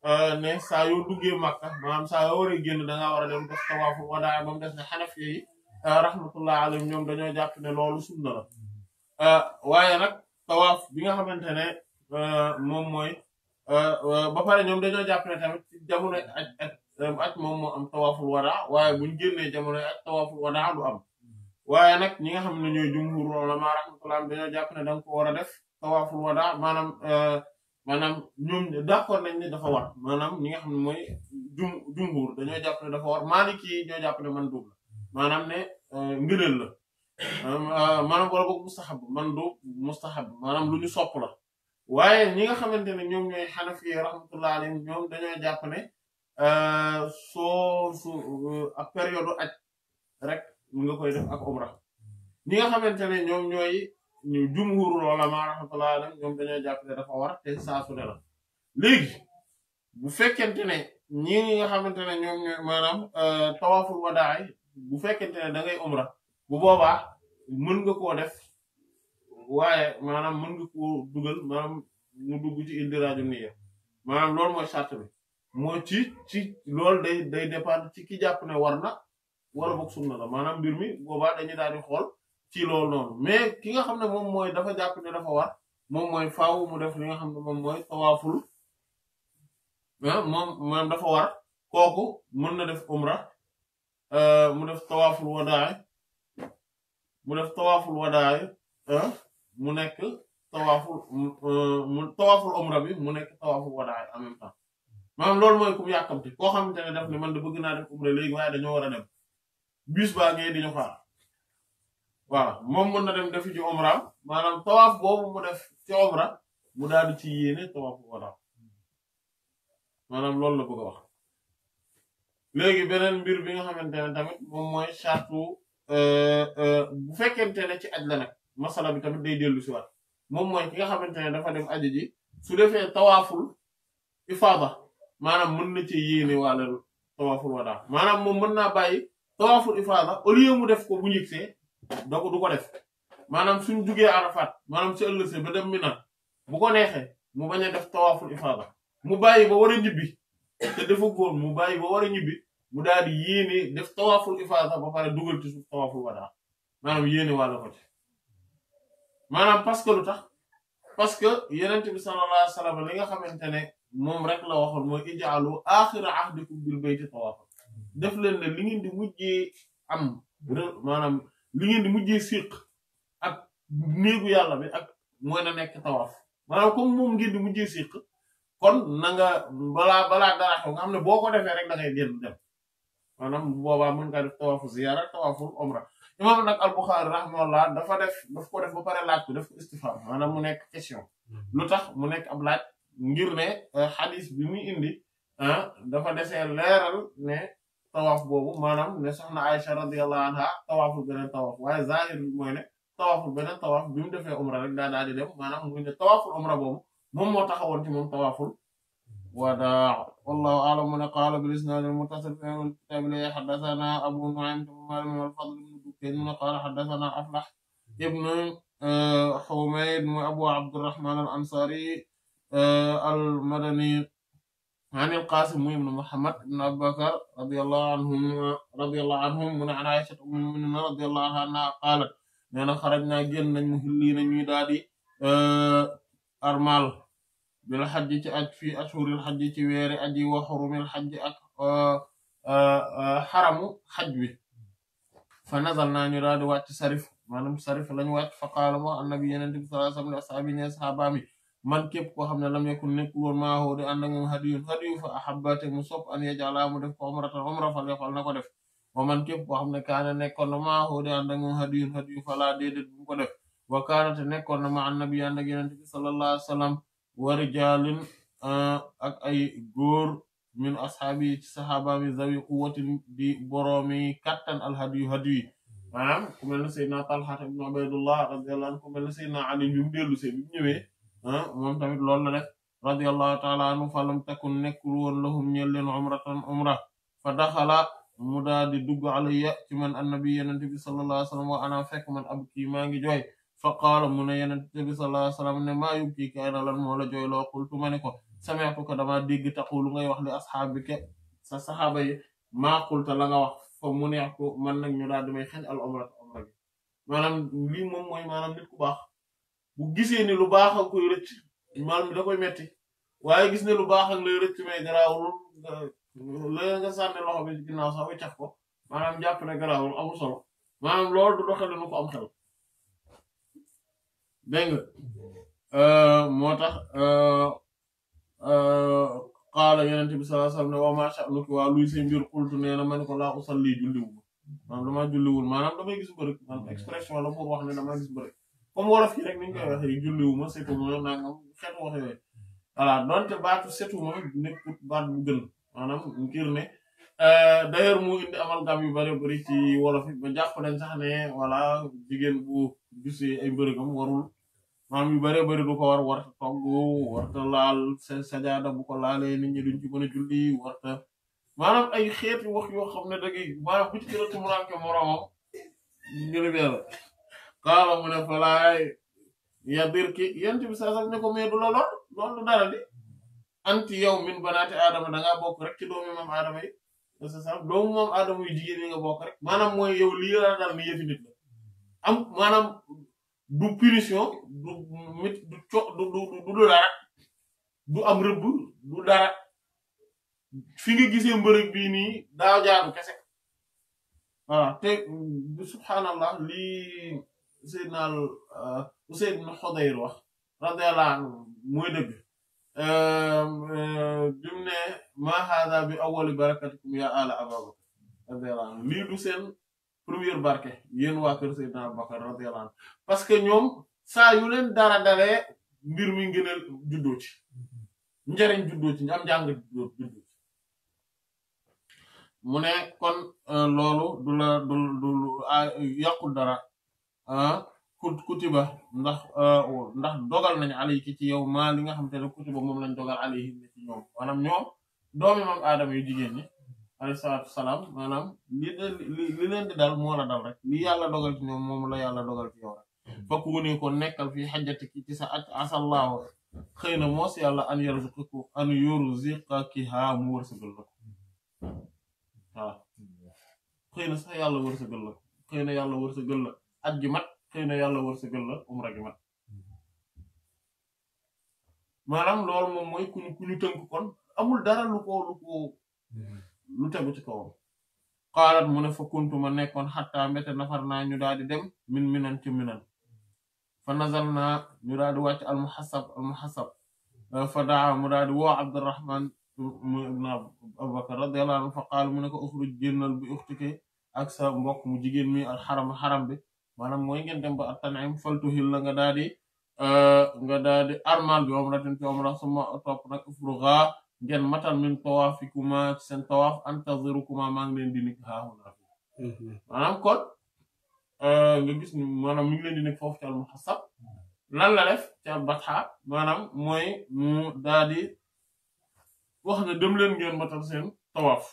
Euh, ne saa yoo duggee Makka maanaam saa waree génn da ngaa a dem def tawaafu wadaa ba mu ne Hanafi yi euh, rahmatullah alayhim ñoom dañoo jàpp ne loolu sunna la euh, waaye bi nga xamante ne moom mooy bapare pare ñoom dañoo jàpp tamit ci jamono aj aj aj moom moo am tawaaful buñ génnee jamono aj tawaaful wadaa du am waaye nag ñi nga xam ne ñooy jumhur ulama rahmatullah dañoo jàpp ne da nga ko war a def tawaaful wadaa maanaam maanaam ñoom d'accord nañ ne dafa war maanaam ñi nga xam ne mooy jum jumhuur dañoo jàpp ne dafa war maaliki yi ñoo jàpp ne mandub la maanaam ne euh, ngëneel la euh, euh, maanaam wala boog mustahab mandub mustahab maanaam lu ñu sopp la waaye ñi nga xamante ne ñoom ñooy xanafi rahmatullah alayhim ñoom dañoo jàpp ne soo su ak période aj rek nga koy def ak umra ñi nga xamante ne ñoom ñooy ñu jumhurul ulama rahmatullahi alayhim ñoom dañoo jàpp ne dafa war te saa su la léegi bu fekkent ne ñi nga xamante ne ñoom ñooy maanaam euh, tawaaful wadaay bu fekkente ne da ngay bu boobaa mën nga koo def waaye maanaam mën nga koo dugal maanaam mu dugg ci ildiraju niyya maanaam loolu mooy sart bi moo ci ci loolu day day dépendre ci ki jàpp ne war na wala boog sunna la maanaam mbir mi boobaa dañuy daal di xool ci loolu noonu mais ki nga xam ne moom mooy dafa jàpp ne dafa war moom mooy faw mu def li nga xam ne moom mooy tawaaful ah, moom moom dafa war kooku mën na def umra euh, mu def tawaaful mu def tawaaful wadaay ah, mu nekk tawaaful mu euh, umra bi mu nekk tawaaful wadaay en même temps maanaam loolu mooy ku mu yàkkamti koo xamante ne daf ne man de bëgg naa def umra léegi waaye dañoo war a dem baa ngee di ñu xaar voilà moom mën na dem defi ci umraam maanaam tawaaf boobu mu def ci umra mu daal di ci yéene beneen mbir bi nga xamante ne tamit moom mooy sartu euh, euh, bu fekkente ne ci aj la nag masala bi tamit day dellu si waat moom mooy nga xamante ne dafa dem aji ji su defee tawaaful ifaada maanaam mën na ci yéene wàllal tawaaful wadaam maanaam moom mën naa bàyyi tawaaful ifaada au lieu mu def ko bu njëgsee donc du def maanaam suñ jugee Arafat maanaam si ëllëg ba dem Mina ko neexee mu bañ def tawaaful ifaada mu bàyyi ba war a ñibbi te mu bàyyi ba war mu daal di yéene def tawaaful ifaada ba pare dugal ci suuf tawaaful wadaa maanaam yéene wàlla ko ci maanaam parce que lu tax parce que bi sallallahu alayhi wasallam li nga xamante ne moom rek la waxoon mooy ijaalu axira ahdikum bil bayti tawaaf def leen ne di mujjee am maanaam li ngeen di mujjee séq ak néegu yàlla bi ak mooy na nekk tawaaf maanaam comme moom ngeen di mujjee séq kon na balaa balaa dara xew nga xam ne boo ko defee rek da ngay génn dem maanaam boobaa mën ngaa def tawaafu ziyaara tawaaful omra imaam nag al-Bukhari rahimahullah dafa def daf ko def ba pare laaj def ko istifham maanaam mu nekk question hmm. lu tax mu nekk ab laaj ngir ne xadis euh, bi muy indi dafa desee leeral ne tawaaf boobu maanaam ne soxna Aisha radiyallahu anha tawaaful beneen tawaaf waaye zahir bi mooy ne tawaaful beneen tawaaf bi mu defee umra rek daa daa di dem maanaam muy ne tawaaful umra boobu moom moo taxawoon ci moom tawaaful wadaa wallahu a'lam mu ne qaala bil isnaad al muttasil fi al kitaab li haddathana abu nu'aym tamam al fadl ibn dukayn mu ne qaala haddathana aflah ibn humayd mu abu abdurrahman al ansari al madani عن القاسم بن محمد بن ابي بكر رضي الله عنهم رضي الله عنهم من عن عائشه ام المؤمنين رضي الله عنها قالت نحن خرجنا جن مهلين ني دادي ارمال بالحج اك في اشهر الحج تي وير ادي وحرم الحج اك حرم حج فنزلنا نراد وات صرف مانم صرف لا وات فقال ما النبي ينتبه صلى الله عليه وسلم لاصحابي اصحابي man képp koo xam ne lam yakun nekkul woon maahoo di ànd ak moom hadiyun hadiyu fa ahabbate mu sopp an yajala mu def ko umratan fal na ko def wa man képp koo xam ne kaana nekkoon na maahoo di ma annabi ànd ak yonent bi sallallahu alayhi wa sallam wa rijalun ah, ak min ashaabi ci mi zawi ku mel ne Seydina Talha ibn ku mel ne Seydina Ali bi mu dellu see bi mu Ah, moom tamit loolu la def radiyallahu ta'ala anhu falam takun nekkul woon lahum ñeel leen umratan umra fa daxala mu daal di dugg alayya ci man annabi yenente bi sallallahu alayhi wa sallam wa ana fekk man ab kii maa ngi jooy fa qaala mu ne yenente bi sallallahu alayhi wa sallam ne ma yub kii kay na lan moo la jooy loo qultu ma ne ko sami'tu ko dama dégg taqulu ngay wax li asxaabike sa saxaaba yi maa qulta la nga wax fa mu neex ko man nag ñu daal di may al umra bi maanaam lii mooy maanaam nit bu gisee ni lu baax ak koy rëcc maanaam da koy metti waaye gis ne lu baax ak lay rëcc mais garaawul la nga sànni loxo bi ginnaaw sax wiccax ko maanaam jàpp ne garaawul amul solo maanaam loolu du doxale nu ko am xel dégg euh, moo tax euh, euh, qaala yonent bi sallallahu alayhi wasallam ne wa ma sha'nuki waa luy seen mbir qultu nee na ma ne ko laa usalli julliwul maanaam damaa julliwul maanaam damay gis mbërëk expression la pour wax ne damaa gis mbërëk comme wolof yi rek ni ñu koy waxee julliwuma setuma nangam xeetu wax yooyu voilà donte baatu setuma nekkut baat bu gën maanaam ngir ne euh, mu indi amalgame yu bari bari ci wolof ba jàpp nañ sax ne bu gisee ay mbërëgam warul maanaam yu bari bari du war warta togg warta laal sajaada bu ko laalee nit ñi ci mën a julli warta maanaam ay xeeti wax yoo xam ne da ngay maanaam bu ci gën a tumuraanke moroomam ngir qaala mu ne falaay yadirki yonent bi saa ne ko mais du la lor loolu dara di anti yow min banaati aadama da bokk rek ci doomu moom aadama yi sa sa doomu moom aadama yu jigéen yi nga bokk rek maanaam mooy yow lii la dal ni yëfi nit la am maanaam du punition du mit du co du du du dara du am rëbb du dara fi nga gisee mbërëg bii nii daaw jaadu kese voilà te subhaanallah lii Seydina uh, Usayd ibn Xudayr wax radiyallahu dëgg um, uh, bi ma hada bi awwali barakatikum ya ala Abubakar radiyallahu anhu du seen première barke yéen waa kër Seydina Abubakar parce que ñoom saa yu dara mbir mi gën a njariñ juddoo ci am njàng juddoo kon uh, loolu du la dara Ah, kutiba ndax ah, oh, ndax dogal nañu alayki ci yow ma li nga xamante ne kutiba moom lañ dogal alayhi ni ci ñoom maanaam ñoom doomi moom aadama yu jigéen ñi alayhi salaatu salaam maanaam li li leen di dal moo la dal rek li yàlla dogal ci ñoom moom la yàlla dogal ci yow rek fokk wune ko nekkal fii xajjatiki ci sa ac asallaahu xëy na moos yàlla an yarzuqaku an yurziqakiha mu wërsëgal la ko waaw yàlla wërsëgal la ak gi mat xëy na yàlla wërsëgal la umra gi mat maanaam loolu moom mooy ku ñu tënk kon amul dara lu ko lu tegu ci kawam xaalaat mu ne fa kuntuma nekkoon xattaa mbete nafar naa ñu daal di dem min minan ci minan fa nazal ñu daal di wàcc almuhassab almuhassab fa daa mu daal di woo abdurrahman ibn abubakar radiyallahu anhu fa qaal mu ne jigéen mi al bi manam moy ngeen dem ba at-Tan'im hil nga dadi di eh, nga dadi di armal bi umratin ci umra suma top nak furuha ngeen matal min tawafikuma sen tawaf antazirukuma maa ngi leen di nekk haahuna mhm. maanaam kon eh, nga gis ni maanaam mi ngi len di nekk fofu ci al-muhassab lan la def ci al-batha manam moy mu dadi di wax na dem len ngeen matal sen tawaf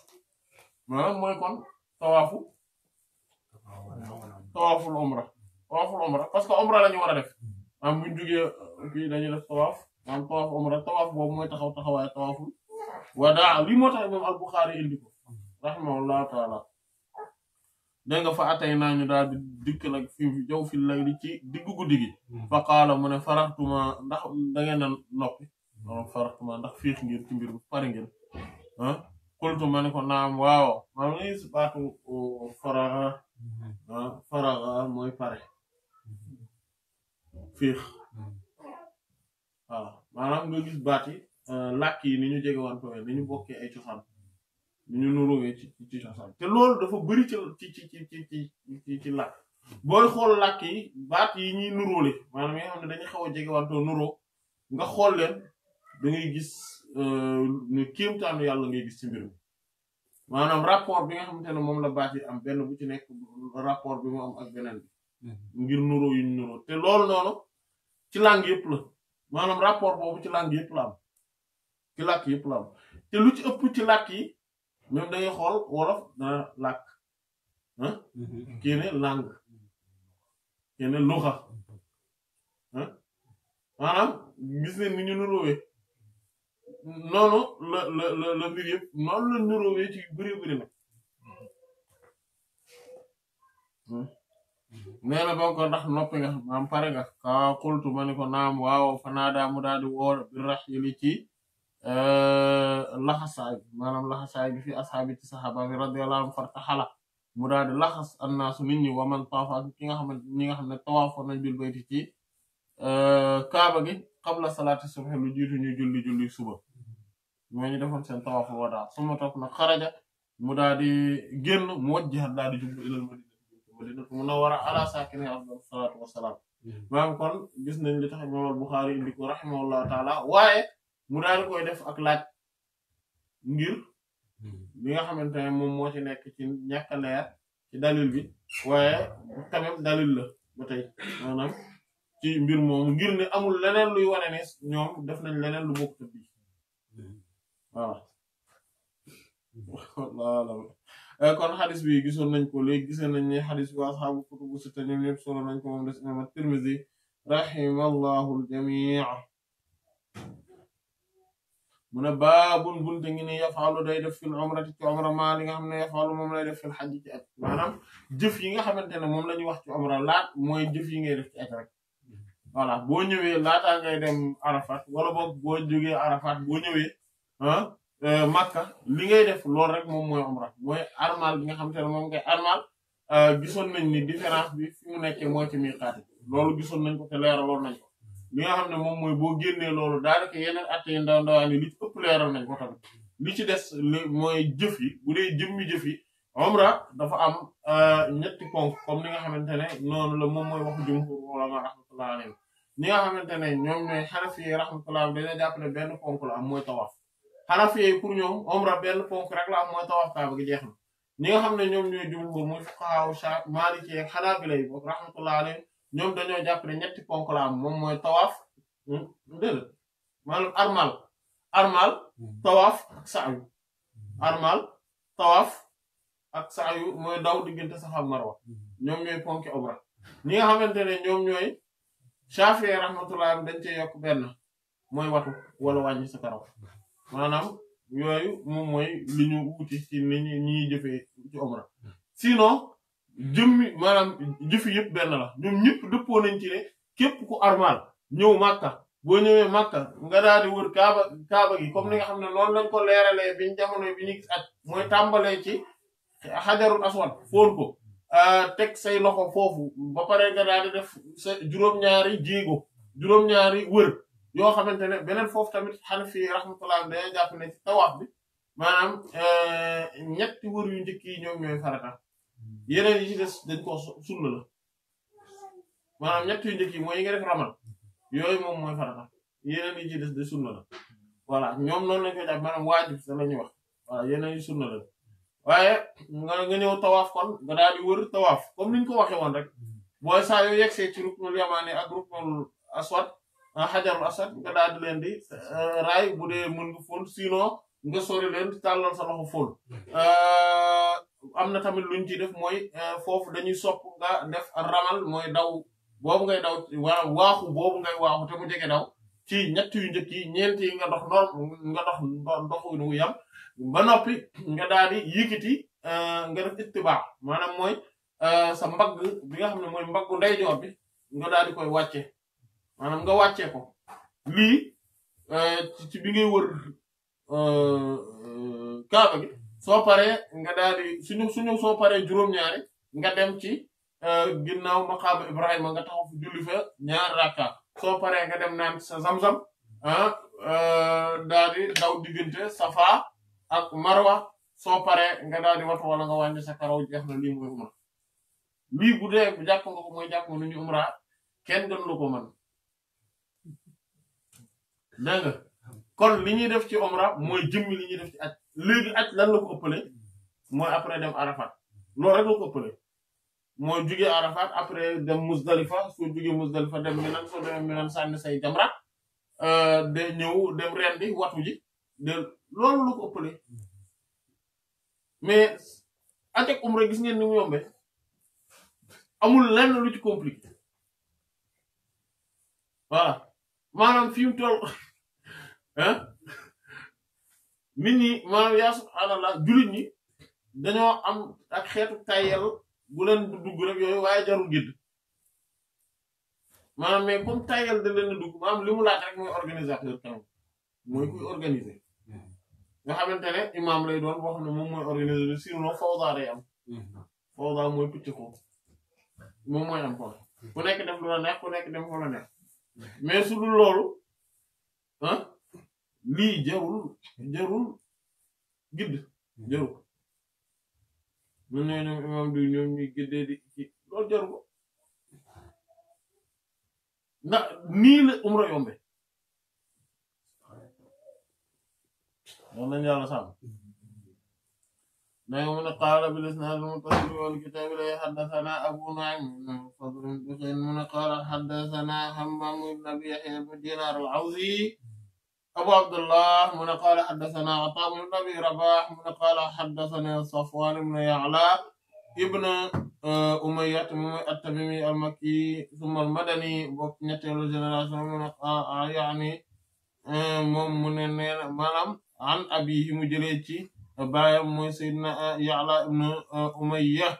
manam moy kon tawafu tawaful umrah tawaful umrah parce que umrah la wara def am buñ ñu jugee euh, dañu def tawaf am tawaf umrah tawaf bo moy taxaw taxaway tawaf wadaa li motax mom al-Bukhari indi ko taala dégg nga fa atay nañu da daal di dikk nag fi jow fi li ci digu guddi gi fa qala mun farahtuma ndax da ngay nan nopi non farahtuma ndax fiix ngir ci mbir bu pare ngeen ah qultu man ko naam waaw man ngi sabatu ah mooy pare fiix waaw maanaam nga gis baat yi ah, làkk yi ni ñu jegewantoo ni ñu bokkee ay cosaan ni ñu nuróowee ci ci cosaan te loolu dafa bëri ci ci ci ci ci ci làkk booy xool làkk yi baat yi ñuy nuróole maanaam yi nga xam ne dañuy xaw a jegewantoo nuroo nga xool leen da ngay gis eh, ne kéemtaanu yàlla ngay gis ci mbir maanaam rapport bi nga xamante ne moom la baat yi am benn bu ci nekk rapport bi moom ak beneen bi mhm. ngir nuroo yuñ nuroo te lool noonu ci langue yëpp la maanaam rapport boobu ci langue yëpp la am ci làkk yëpp la te lu ci ëpp ci làkk yi même dangay xool wolof dana làkk ah kii ne langue kii ne luxa ah maanaam gis ni ñu nonu le, le, le, la mbir yëpp noonu la niroowee ci bëri bëri na nee na ba ko ndax noppi nga am pare nga ka qultu maniko ni ko naam waaw mu dadi di bi ci euh maanaam bi fi ashabi ci sahaba bi radiyallahu anhum farta mu dadi di annas annaasu nit waman tawaafa ak ki nga xamante ñi nga xam ne tawaafoon nañ bil bayti ci eh, kaaba gi qabla salati subhi lu jitu ñu julli julli suba mooy ñu defoon seen tawaafu wadaa su ma topp nag xaraja mu daal di génn mu wajjahat daal di jublu ilal madinatu munawwara ala saakini afdalu salaatu wassalaam maanaam hmm. kon gis nañ li tax imaam al waaye mu daal di koy def ak laaj ngir bi hmm. nga xamante ne moom moo ci nekk ci ñàkk a leer ci dalil bi waaye tamit dalil la ba tey maanaam ci mbir moomu ngir ne amul leneen luy wane ne ñoom def nañ leneen lu bokk bi voilà ah. wallaahi eh, kon xadis bi gisoon nañ ko léegi gisoon nañ ne xadis bi asxaabu kutubu sitta ñoom ñëpp solo nañ ko moom des imam at-Tirmidhi rahimallahu al-jamii mu ne baabun bunte ngi ni yafaalu day def fil umrati ci umra maa li nga xam ne yafaalu moom lay def fil xaj ci at maanaam jëf yi nga xamante ne moom la ñuy wax ci umra laat mooy jëf yi ngay def ci at rek voilà boo ñëwee laataa ngay dem arafat wala boog boo jógee arafat boo ñëwee ah Makka li ngay def loolu rek moom mooy umra mooy armal bi nga xam te ne moom ngay armal euh, gisoon nañ ni différence bi fi mu nekkee mooy ci miqaat loolu gisoon nañ ko te leeraloon moom mooy boo génnee loolu daanaka yeneen at yi ndaw ndawaan yi li nañ ko tamit li ci des mooy jëf yi bu dee jëmmi jëf yi umra dafa am euh, ñetti ponk comme ni nga xamante ne noonu la moom mooy waxu jumhur ulama rahmatullah alayhi ñi nga xamante ne ñoom ñooy Hanafi rahmatullah dañoo jàpp ne benn ponk la am mooy tawaaf Hanafiya yi pour ñoom umra benn ponk rek la am mooy tawaaf Kaaba gi jeex na ñi nga xam ne ñoom ñooy jumhur muy fuqahaa Shaafi'i Maaliki ak Hanaabila yi rahmatullahi alayhim ñoom dañoo jàpp ne ñetti ponk la am moom mooy tawaaf hmm, dëgg maanaam armal armal hmm. tawaaf ak sa'yu armal tawaaf ak sa'yu mooy daw diggante Safa ak Marwa hmm. ñoom ñooy ponki umra ñi nga xamante ne ñoom ñooy Shaafi'i rahmatullahi dañ cee yokk benn mooy watu wala wàññi sa maanaam yooyu moom mooy li ñu wuti ci ni ñi ñuy jëfee ci omra sinon jëmmi jëfi yëpp benn la ñoom ñëpp dëppoo nañ ci ne képp ku armal ñëw màkka boo ñëwee màkka nga daal di wër kaaba kaaba gi comme ni nga xam ne noonu lañ ko leeralee biñ jamono bi ñu gis at mooy tàmbalee ci xajarul aswad foon ko ah, teg say loxo foofu ba pare nga daal def sa juróom-ñaari jéego juróom-ñaari wër yoo xamante ne beneen foofu tamit Hanafi rahmatullah dañoo jàpp ne ci tawaaf bi maanaam euh, ñetti wër yu njëkk yi ñoom ñooy farata hmm. yeneen yi ci des dañ koo sunna la maanaam ñett yu njëkk yi mooy yi nga def ramal yooyu moom mooy farata yeneen ci des de sunna la voilà ñoom noonu lañ koy jàpp maanaam waajib sa la ñuy wax voilà yi sunna la waaye nga ñëw tawaaf kon nga daal di wër tawaaf comme niñ ko waxee woon rek hmm. booy saa yoo yegsee ci ruknul yamaani ak ruknul aswad xajarul ah, asad nga daal di leen di eh, raay bu dee mën nga fóon sinon nga sori leen sa loxo fóon eh, am na tamit luñ ci def mooy eh, foofu dañuy sopp nga def ramal mooy daw boobu ngay daw waaxu boobu ngay waaxu te mu jege daw ci ñett yu njëkk yi nga dox noor nga yam ba noppi nga daal di nga def ittibaa maanaam mooy sa mbagg bi nga xam ne mooy mbaggu ndeyjoor bi nga daal di koy wàcce maanaam nga wàccee ko lii euh, ci bi ngay wër euh, euh, kaaba gi soo paree nga daal di suñu suñu soo paree juróom-ñaari nga dem ci ginnaaw maqaaba Ibrahima nga taxaw fu julli fa ñaar rakka soo paree nga dem naan sa zam-zam ah daal di daw diggante safa ak marwa soo paree nga daal di watu wala nga wàññi sa karaw jeex na lii mooy umra lii bu dee jàpp nga ko mooy jàpp nga nu ñu umra kenn gën lu ko mën dégg kon li ñuy def ci omra mooy jëmmi li ñuy def ci aj léegi aj lan la ko ëppale mooy après dem arafat loolu rek la ko ëppale mooy jugee arafat après dem musdalifa soo jugee musdalifa dem minan soo demee minan sànni say jamra euh, de ñëw dem rendi watu ji loolu la ko ëppale mais aj umra gis ngeen ni mu yombee amul lenn lu ci compliqué voilà maanaam fi mu toll ah nit ñi maanaam yaa subhaanallah jullit ñi dañoo am ak xeetu tayyel bu leen du dugg rek yooyu waaye jarul gidd maanaam mais comme tayyel da leen dugg maanaam li mu laaj rek mooy organisateur tam mooy kuy organiser nga xamante ne imaam lay doon boo xam ne moom mooy organiser bi sinon fawda day am fawda mooy pucc ko moom mooy am kon ku nekk def lu la neex ku nekk dem fa la neex mais su dul loolu ah lii jarul jarul gidd jarul mën na ñoom imam du ñoom ñuy giddee di ci loolu jaru nii la umra yombe noonu lañu yàlla sàmm نعم قال بالإسناد المتصل والكتاب لا حدثنا أبو نعيم بن فضل بن قال حدثنا همام بن أبي يحيى بن دينار العوزي abu abdullah mu ne qaala xaddasanaa ataa ibn abi rabaax mu ne qaala xaddasanaa safwaan ibn ya'la ibn umayyah mu mooy at-tamimi al-makki summa al-madani bokk ñetteelu génération mu ne yaani moom mu ne neen maanaam an abiihi mu jëlee ci baayam mooy sayyidina ya'la ibn umayyah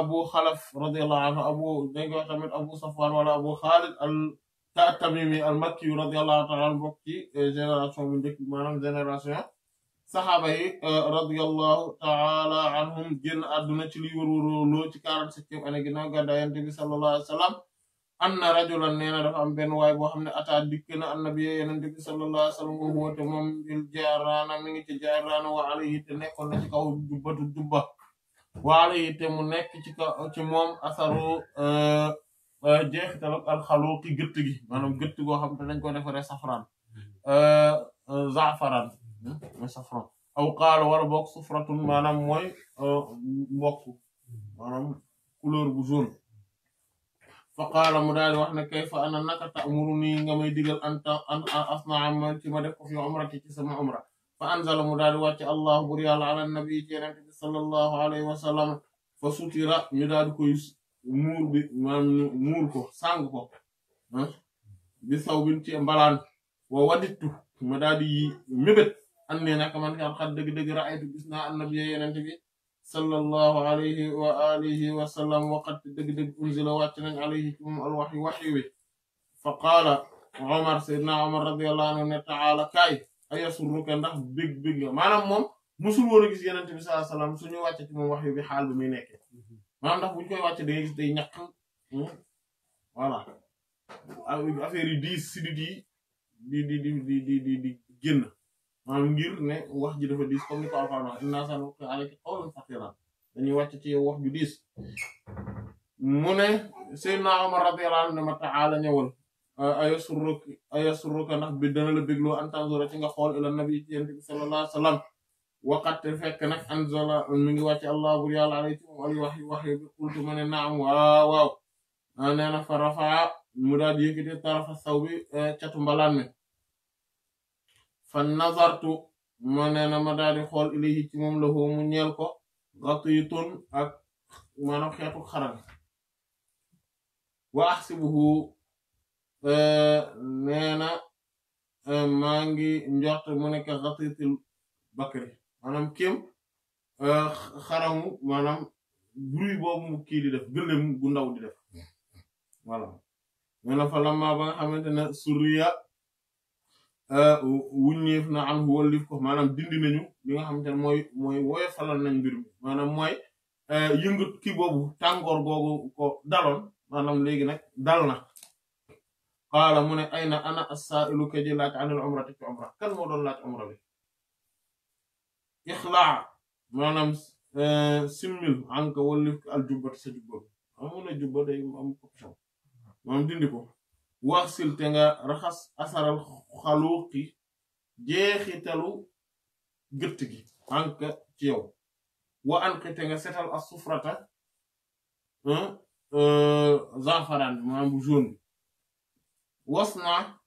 abu xalaf radiyallahu anhu abu dañ ko wax tamit abu safwaan wala abu xaalid al ta at-Tamimi al-Makki radiyallahu ta'ala anhu bokk eh, génération génération saxaaba yi eh, radiyallahu ta'ala anhum génn àdduna ci li wërwërloo ci quarante-septième année ginnaaw gàddaay Yonent bi sallallahu alayhi wa sallam benn waay boo xam ne ataa dikk na annabi Yonent bi sallallahu alayhi wa sallam boobu woote moom il jaaraana mi ngi ci jaaraana wa alayhi te jubba wa alayhi te mu nekk ci kaw ci moom asaru eh, Euh, jeexital ak alxaluuqi gëtt gi maanaam gëtt goo xam te dañ ko defaree safran euh, euh, zafaran mooy safran aw qaala wala bokk sufratun maanaam mooy mbokk maanaam couleur bu jaune fa qaala mu daal di wax ne kayfa ana naka ta'muruni nga may digal an ta an asna'a ma ci ma sama umra fa mu daal di wàcce allahu bur yàlla nabi ci yenente bi sallallahu alayhi wa sallam fa sutira ñu daal koy muur bi maanaam ñu muur ko sangu ko ah bi saw bin ci mbalaan wa wadittu ma daal di mébét an nee naka man ka xat dëgg-dëgg ra'aytu gis naa annabi yenente bi sallallahu alayhi wa alihi wa sallam waqat dëgg-dëgg unzila wàcc nañ alayhi ci moom alwaxyu waxyu wi fa qaala omar sayyidna omar radiyallahu anhu ne ta'ala kaay ayasurruka moom musul woon a gis yenente bi sallallahu alayhi wa sallam suñu bi xaal bi muy nekke maanaam ndax bu ñu koy wàcce day gis day ñàkk hmm, voilà diis sidit di di di di di di di ngir ne wax ji dafa diis comme ni ko Alxuraan wax inna sanulqi alayka qawlan saqiilan dañuy ci wax ju diis mu ne Seydina Umar radiyallahu anhu ne ma ta'ala ñëwal ayasurruka ayasurruka ndax bi dana la bégloo an tanzura ci nga xool ila nabi ci yonent وقد تفك نك انزل من وجه الله بريا الله ولي وحي وحي قلت من نعم واو واو انا انا فرفع مراد يكتي طرف الثوب آه، تشات مبلان فنظرت من انا ما دار خول اليه تي موم لهو مو نيل كو غطيتون اك مانا خيتو خران واحسبه ا آه، نانا آه، مانغي نجوت مو نك غطيت بكري maanaam kéem euh, xaramu maanaam bruit boobu mu kii di def gëlëm gu ndaw di def voilà mais na fa lamma ba nga xamante ne suriya euh, wuññeef na am wallif ko maanaam dindi nañu li nga xamante ne mooy mooy woyofalal nañ mbir mi maanaam mooy euh, yëngat kii boobu tàngoor googu ko daloon maanaam léegi nag dal na qaala mu ne ayna ana as-sa'ilu ka ji laaj anil umrati ci umra kan moo doon laaj umra bi اخلع مانام سيميل انكا وليف الجوبات سجوب امونا جوبا داي ام كوبشن مام ديندي كو واغسل تيغا رخص اثر الخلوقي جيختلو غتغي انكا تيو وانك تيغا ستال السفرته ها ا زعفران مام جون وصنع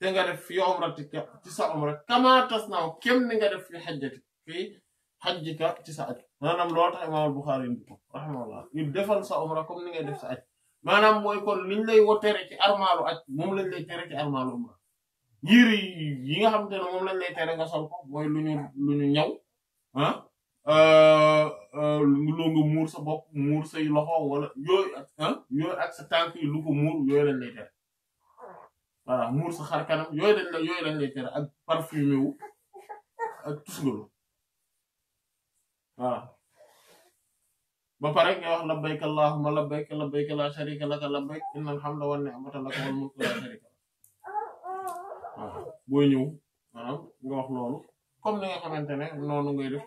تيغا ديف يوم رتك تسع عمرك كما تصنع كم نيغا ديف حجتك fii hajjika ci sa aj maanaam loolu tax imaam al-Buxaari indi ko rahimahullah il defal sa umra comme ni ngay def sa aj maanaam mooy kon liñ lay wo tere ci armaalu aj moom lañ lay tere ci armaalu umra yiir yi nga xam xamante ne moom lañ lay tere nga sol mooy lu ñu lu ñu ñaw ah euh, euh, lu nga muur sa bopp muur say loxo wala ah, yooyu ak sa tànk yi lu ko muur yooyu lañ lay tere muur sa xar kanam yooyu lañ lay tere ak parfumé ak tusgalu Ah. ba pare rek wax ya, labbaik allahumma la labbaik la syarika lak bayk innal hamda wa ni'mata lak wal mulku la sharika bo ah, Booy manam ah, nga wax lolu comme ni nga xamantene nonu ngay def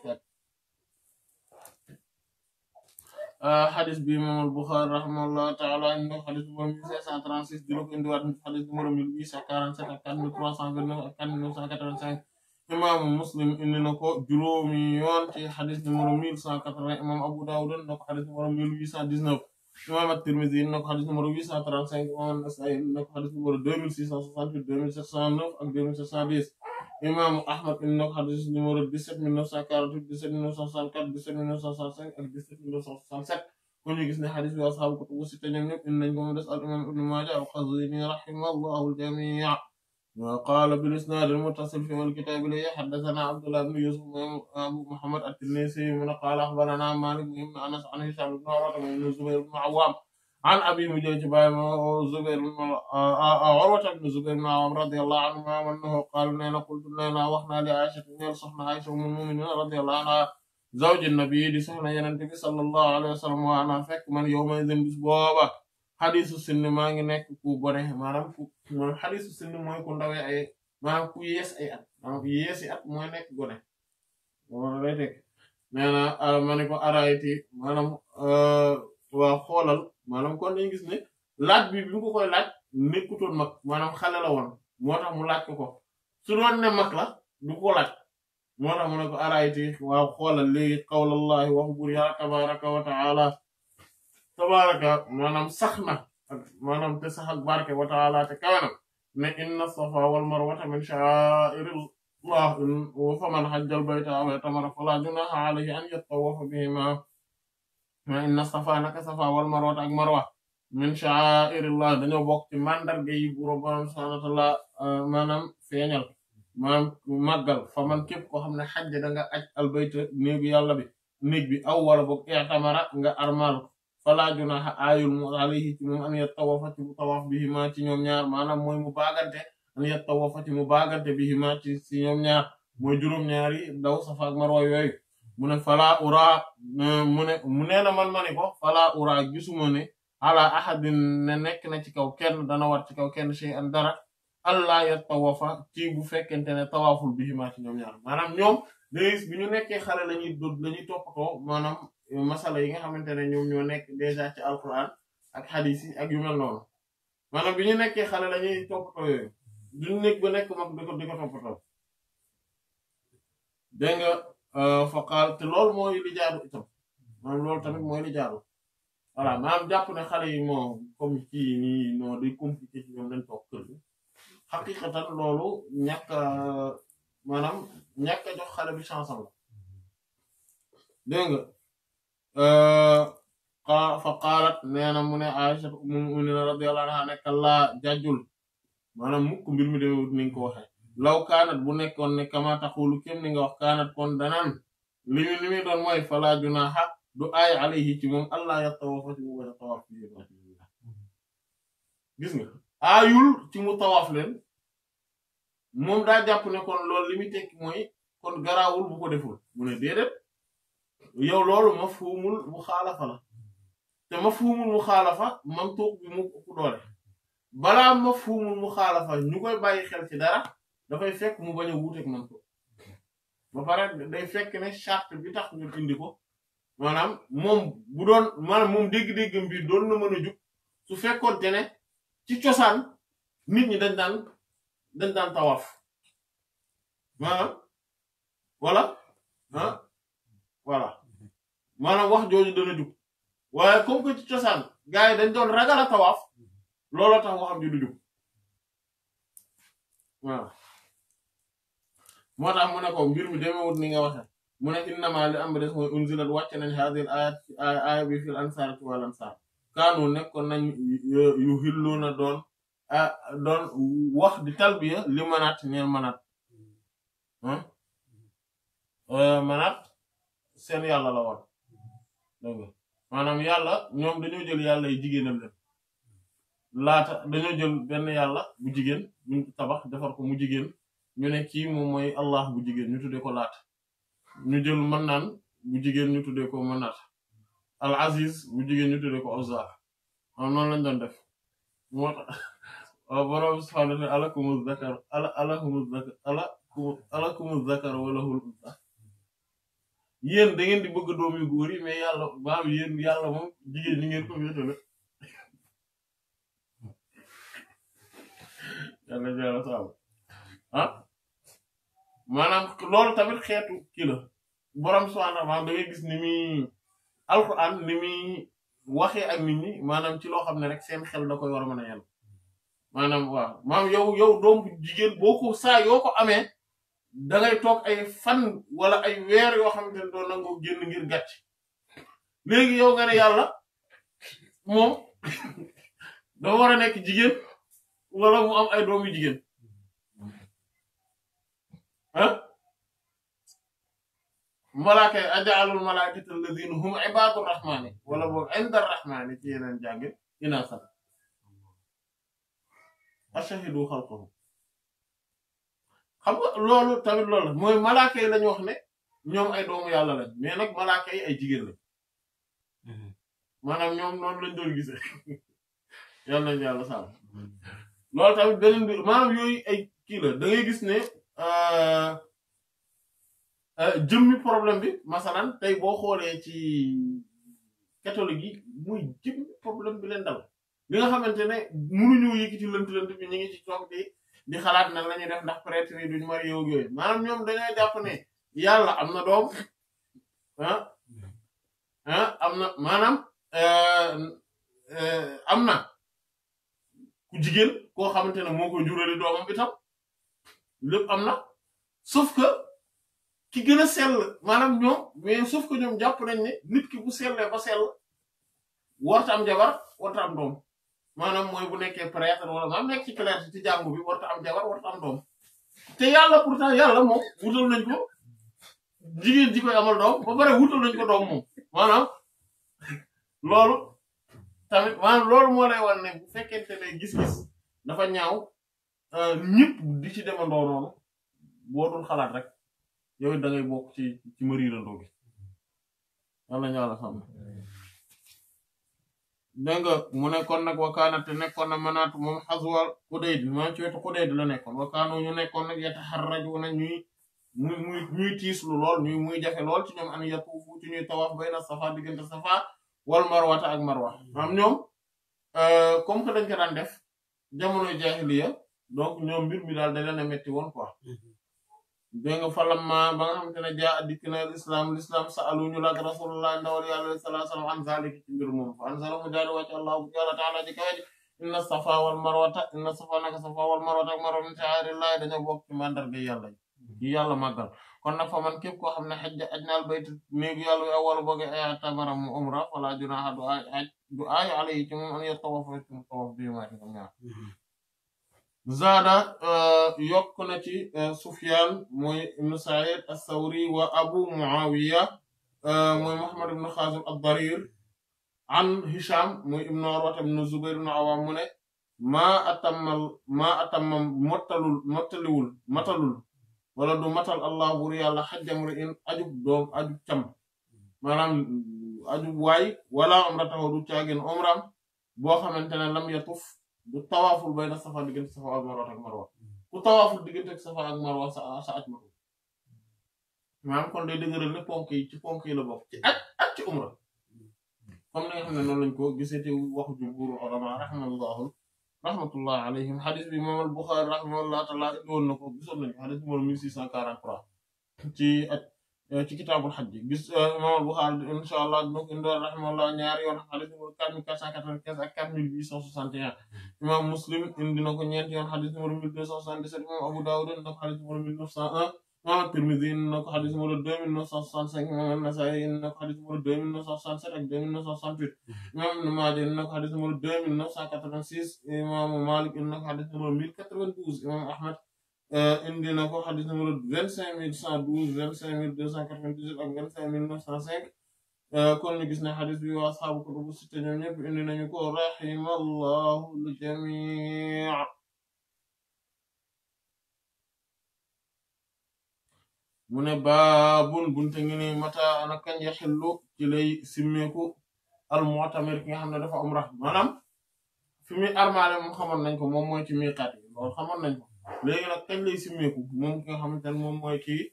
ah hadis bi imam al-Bukhari rahmalahu ta'ala inna hadis bu 1636 di la ko indiwaat hadis numéro 1847 ak 4329 ak 4985 imam muslim indi na ko juróomi yoon ci xadis numéro mille cent quatre-vingts imaam abu dawud indi na ko xadis numéro mille huit cent dix-neuf imaam at-tirmidhi indi na ko xadis numéro huit cent trente-cinq imaam an-nasa'i indi na ko xadis numéro deux mille six cent soixante-huit deux mille sept cent neuf ak deux mille sept cent dix imaamu ahmad indi na ko xadis numéro dix-sept mille neuf cent quarante-huit dix-sept mille neuf cent soixante-quatre dix-sept mille neuf cent soixante-cinq ak dix-sept mille neuf cent soixante-sept ku ñu gis ne xadis bi ashaabu kutubu sitta ñoom ñëpp indi nañ ko mu des al imaam ibnu maaja al-qazwini rahimahullahu al-jamii' وقال بالإسناد المتصل في الكتاب لي حدثنا عبد الله بن يوسف أبو محمد التنيسي من قال أخبرنا مالك بن أنس عن هشام بن عروة بن الزبير بن عوام عن أبي مجيد بن الزبير بن عروة بن الزبير بن عوام رضي الله عنهما أنه قال لنا قلت لنا وإحنا لعائشة بن صحنا عائشة أم المؤمنين رضي الله عنها زوج النبي دي صحنا ينتبه صلى الله عليه وسلم وأنا فك من يومئذ بس حديث السن ما نك كو كوبره مرام maanaam xarisu sinn mooy ku ndawee ay maanaam ku yees ay at maanaam nekk gone wala lay nekk nee na ah, ko arayiti maanaam euh, waa laaj bi bi mu ko koy laaj nekkutoon mag maanaam la woon laaj ko ko ko laaj moo tax mu ne qawlallahi waxu bur yàlla tabaraka wa taala tabaraka maanaam sax na ak maanaam te sax ak barke wa taala te kawenam ne inna safa wal marwata min sha'airillah wa faman hajjal bayta aw i'tamara fala junaha alayhi an yattawafa bihima ma inna safa naka safa wal marwata ak marwa min sha'airillah dañoo bokk ci mandarga yi bu Boroom subhaanahu wa ta'aala maanaam feeñal maanaam màggal faman képp koo xam ne xajja da nga aj al bayta néegu yàlla bi néeg bi aw wala boog i'tamara nga armal falaa junaha aayul mu alayhi ci moom an yatawafa ci mu tawaaf bihimaa ci ñoom ñaar maanaam mooy mu baagante an yatawafa ci mu baagante bihimaa ci si ñoom ñaar mooy juróom-ñaari daw safa ak marwa yooyu mu ne falaa uraa mu ne mu nee na man ma ne ko falaa uraa gisuma ne ala ahadin ne nekk na ci kaw kenn dana war ci kaw kenn si an dara allah yatawafa ci bu fekkente ne tawaaful bihimaa ci ñoom ñaar maanaam ñoom dañuy bi ñu nekkee xale lañuy dod lañuy toppatoo maanaam masala yi nga xamante ne ñoom ñoo nekk déjà ci alquran ak hadith yi ak yu mel noonu bi ñu nekkee xale la ñuy toppatoo nekk ba nekk mag di ko di ko toppatoo dégg euh, mooy li jaaru itam maanaam loolu tamit mooy li jaaru voilà maanaam xale yi moo comme kii nii non day compliqué ci ñoom dañ toog kër xaqiqatan loolu ñàkk a maanaam ñàkk a jox xale bi chance am la dégg fa qaalat nee na mu ne Aisha ummul mu'minin radiyallahu anha ne kallaa jajjul maanaam mukk mbir mi déwut ni nga law kaanat bu nekkoon ne kama taqulu kem ni wax kaanat kon danaan li mu li muy doon mooy fala junaha du aay alayhi ci moom allah yatawafa ci mu ci mu tawaaf leen daa jàpp ne bu ko deful mu ne yow loolu mafhumul muxaalafa la te mafhumul muxaalafa mantuq bi mu ëpp doole balaa mafhumul muxaalafa ñu koy bàyyi xel ci dara dafay fekk mu bañ a wuuteeg mantuq ba pare day fekk ne charte bi tax ñu indi maanaam moom bu doon maanaam moom dégg-déggam bi doon na mën a jug su fekkoonte ne ci cosaan nit ñi dañ daan dañ daan tawaaf maanaam voilà ah voilà maanaam wax jooju dana jub waaye comme que ci cosaan gars yi dañ doon ragal a tawaaf looloo tax waxam ji du jub waaw moo tax mu ne mbir mi demewut ni waxe mu ne innama li am ba des mooy unzilat wàcce nañ hadhihi ayat aaya bi fil ansaar ci wal ansaar kaanu nekkoon nañ yu xilluuna doon doon wax di talbiya li manaat ñeen manaat hmm? eh, manaat seen yàlla la woon manam yalla ñom dañu jël yalla yi jigenam dem laata dañu jël ben yalla bu jigen ñu tabax defar ko mu jigen ñu ne ki mom moy allah bu jigen ñu tuddé ko laata ñu jël man nan bu jigen ñu tuddé ko manat al aziz bu jigen ñu tuddé ko uzza am non lañ doon def wa barab subhanahu wa ta'ala kumuz zakar ala ala kumuz zakar ala ala kumuz zakar wa lahu al unsa yéen da di bëgg doom bu góor yi mais yàlla maam yéen yàlla moom jigéen ñi ngeen ko wéetale yàlla yàlla sàmm ah maanaam loolu tamit xeetu kilo boroom borom subhaanahu wa ta'aala gis ni muy alxuraan ni muy waxee ak nit ñi maanaam ci loo xam ne rek seen xel da koy war a mën a yàlla maanaam maam yow yow doom bu jigéen boo saa yoo ko amee. da toog ay fan wala ay weer yoo xamante ne doo nangoo génn ngir gàcc léegi yow nga yàlla moom dafa war a nekk jigéen wala mu am ay doomu jigéen ah malaaka yi ajaalul malaakata alladina hum ibadur rahmani wala boog inda rahmani ci yeneen jànge inaa sax ashahidu xalqahum xam nga loolu tamit loolu mooy malaaka yi lañu wax ne ñoom ay doomu yàlla la mais nag malaaka yi ay jigéen lañ mhm. maanaam ñoom noonu lañ doon gisee yàlla nañ yàlla loolu tamit beneen bi maanaam yooyu ay kii la da ngay gis ne euh, euh, jëmmi problème bi masalan tey boo xoolee ci catholique yi muy jëmmi problème bi leen dal li nga xamante ne mënuñu yëkkati lënt lënt bi ñu ngi ci toog di di xalaat nan la ñuy def ndax prêtre yi duñu marié ak yooyu maanaam ñoom dañoo jàpp ne yàlla am na doom ah ah am na maanaam eh, eh, am na ku jigéen koo xamante ne moo ko jurali doomam itam lépp am na sauf que ki gën a sell maanaam ñoom mais sauf que ñoom jàpp nañ ne nit ki bu sellee ba sell warta am jabar warta am doom maanaam mooy bu nekkee prêtre wala maam nekk ci clergé ci jàngu bi warta am jabar warta am doom te yàlla pourtant yàlla moom wutal nañ ko doom ba pare wutal nañ ko moom maanaam loolu tamit maanaam loolu moo lay wan ne bu fekkente ne gis-gis dafa ñaaw euh, ñëpp di ci demandoo noonu boo doon xalaat rek yow da bokk ci ci mariirandoo bi wala ñaala xam dégg nga mu nekkoon nag wakaana te nekkoon na manaat moom xasuwal xudayd maa ci wetu xudayd la nekkoon wakaanoo ñu nekkoon nag yataharraju na ñuy muy muy ñuy tiislu lool ñuy muy jafe lool ci ñoom an yatuufu ci ñuy tawaaf bayna safa diggante safa wal marwata ak marwa maanaam ñoom euh, comme que dañ ko daan def jamono jaahiliya donc ñoom mbir mi daal da leen a metti woon quoi mm-hmm. dégg nga falamma ba nga xamante ne jaa dikk na lislaam lislaam sa aluñu laak rasulullah ndawal yàlla sallallahu alayhi wa sallam an zalika ci mbir moom fa anzala mu daal wàcc allahu jalla ta'ala ji kawaji inna safa wal marwata inna safa naka safa wal marwata ak marwa min sha'airillahi dañoo bokk ci mandarga yàlla yi yàlla màggal kon nag fa man képp koo xam ne xajja aj naal bayt néegu yàlla wi awwal booge ay tabara mu umra fala junaha du ay aj du ay alayhi ci moom an yatawafa ci tawaf bi ma ci ñaar mm-hmm. zaada euh, yokk na ci euh, Sufyan mooy ibn Sa'id as-Sawri wa Abu Muawiya euh, mooy Muhammad ibn Khazim ad-Darir an Hisham mooy ibn Urwa ibn Zubayr ibn Awwam mu ne maa atammal maa atammam mottalul mottaliwul matalul wala du matal Allah buur yàlla xajjam ri in ajub doom ajub cam maanaam ajub waay wala umratahu du caagin umram boo xamante ne lam yatuf du tawaaful bay na safa diggante safa ak marwa ak marwa mm. ku tawaaful diggante ak safa ak marwa sa sa aj matul maanaam kon day dëgëral ne ponk yi ci ponk yi ci aj ak umra comme ni nga xam lañ ko gisee te waxu jumhuuru ulamaa rahimahumullahu rahmatullahi alayhim xadis bi imaam al Buxaari rahimahullahu taala woon na ko gisoon nañu xadis bi moom 1643 ci aj Eh, ci kitaabul xaj bi gis eh, imam al-Bukhari insha allah dina ko indi rahimahullah ñaari yoon xadis numéro 4495 ak 4861 imam Muslim indi na ko ñeenti yoon xadis numéro 1277 imam Abu Dawud indi na ko xadis numéro 1901 imam Tirmidhi indi na ko xadis numéro 2965 imam An-Nasa'i indi na ko xadis numéro 2967 ak 2968 imam Ibn Maaja indi na ko xadis numéro 2986 imam Malik indi na ko Euh, indi na ko xadis numéro vingt cinq mille cent douze vingt cinq mille deux cent quatre vingt dix huit ak vingt cinq mille neuf cent cinq euh, kon ñu gis ne xadis bi waa asxaabu kutubu sitta ñoom ñëpp indi nañu ko rahimallahu ljamii mu ne baabun bunte ngi ni mata ana kan ya xellu ci lay simmeeku al nga xam ne dafa umra maanaam fi muy armaale moom xamoon nañ ko moom mooy ci miiqaat yi loolu nañ ko léegi nag kañ lay simmeeku moom ki nga xamante ne moom mooy kii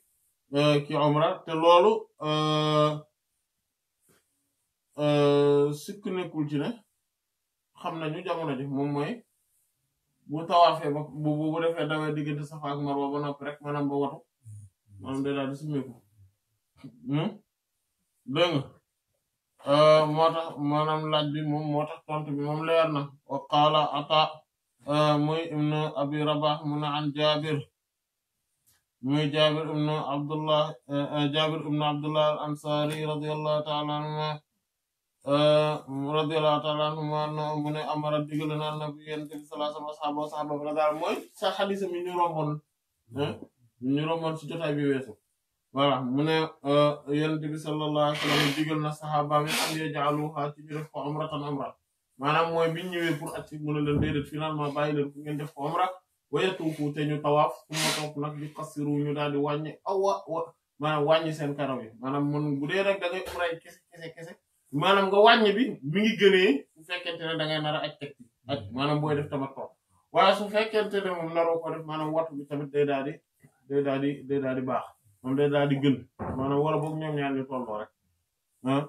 euh, omra te loolu euh, euh, sikk nekkul xam na xam nañu jamono ji moom mooy bu tawaafee ba bu bu defee dawee diggante Safa Marwa ba noppi rek maanaam ba watu maanaam day daal di simmeeku hmm? dégg nga moo laaj bi moom moo tax tontu bi moom leer na wa qaala ata Eh, muy ibnu abi rabah mu an jabir muy jabir ibnu abdullah eh, eh, jabir ibnu abdullah al ansari radiyallahu taala anhuma radiyallahu taala anhuma no mu ne amara digale nabi yonent bi sallallahu alayhi wa sallam saxaaba ba daal mooy sa xadis mi ñu romboon ñu romboon ci jotaay bi weesu voilà mu ne sallallahu alayhi wa sallam digal mi an yajaluha ci ñu umratan umra maanaam mooy biñ ñëwee pour ak si mën a leen déedéet finalement bàyyi leen fu ngeen def umra wayatuufu te ñu tawaaf su ma topp nag di xasiru ñu daal di wàññi awa wa maanaam wàññi seen karaw yi maanaam man bu dee rek da ngay umra yi kese kese kese maanaam nga wàññi bi mi ngi gënee su fekkente ne da ngay a aj teg maanaam booy def tamat toog waaye su fekkente ne moom naroo ko def maanaam wattu bi tamit day daal di day daal di day daal baax moom day daal di gën maanaam wala boog ñoom ñaar ñu tolloo rek ah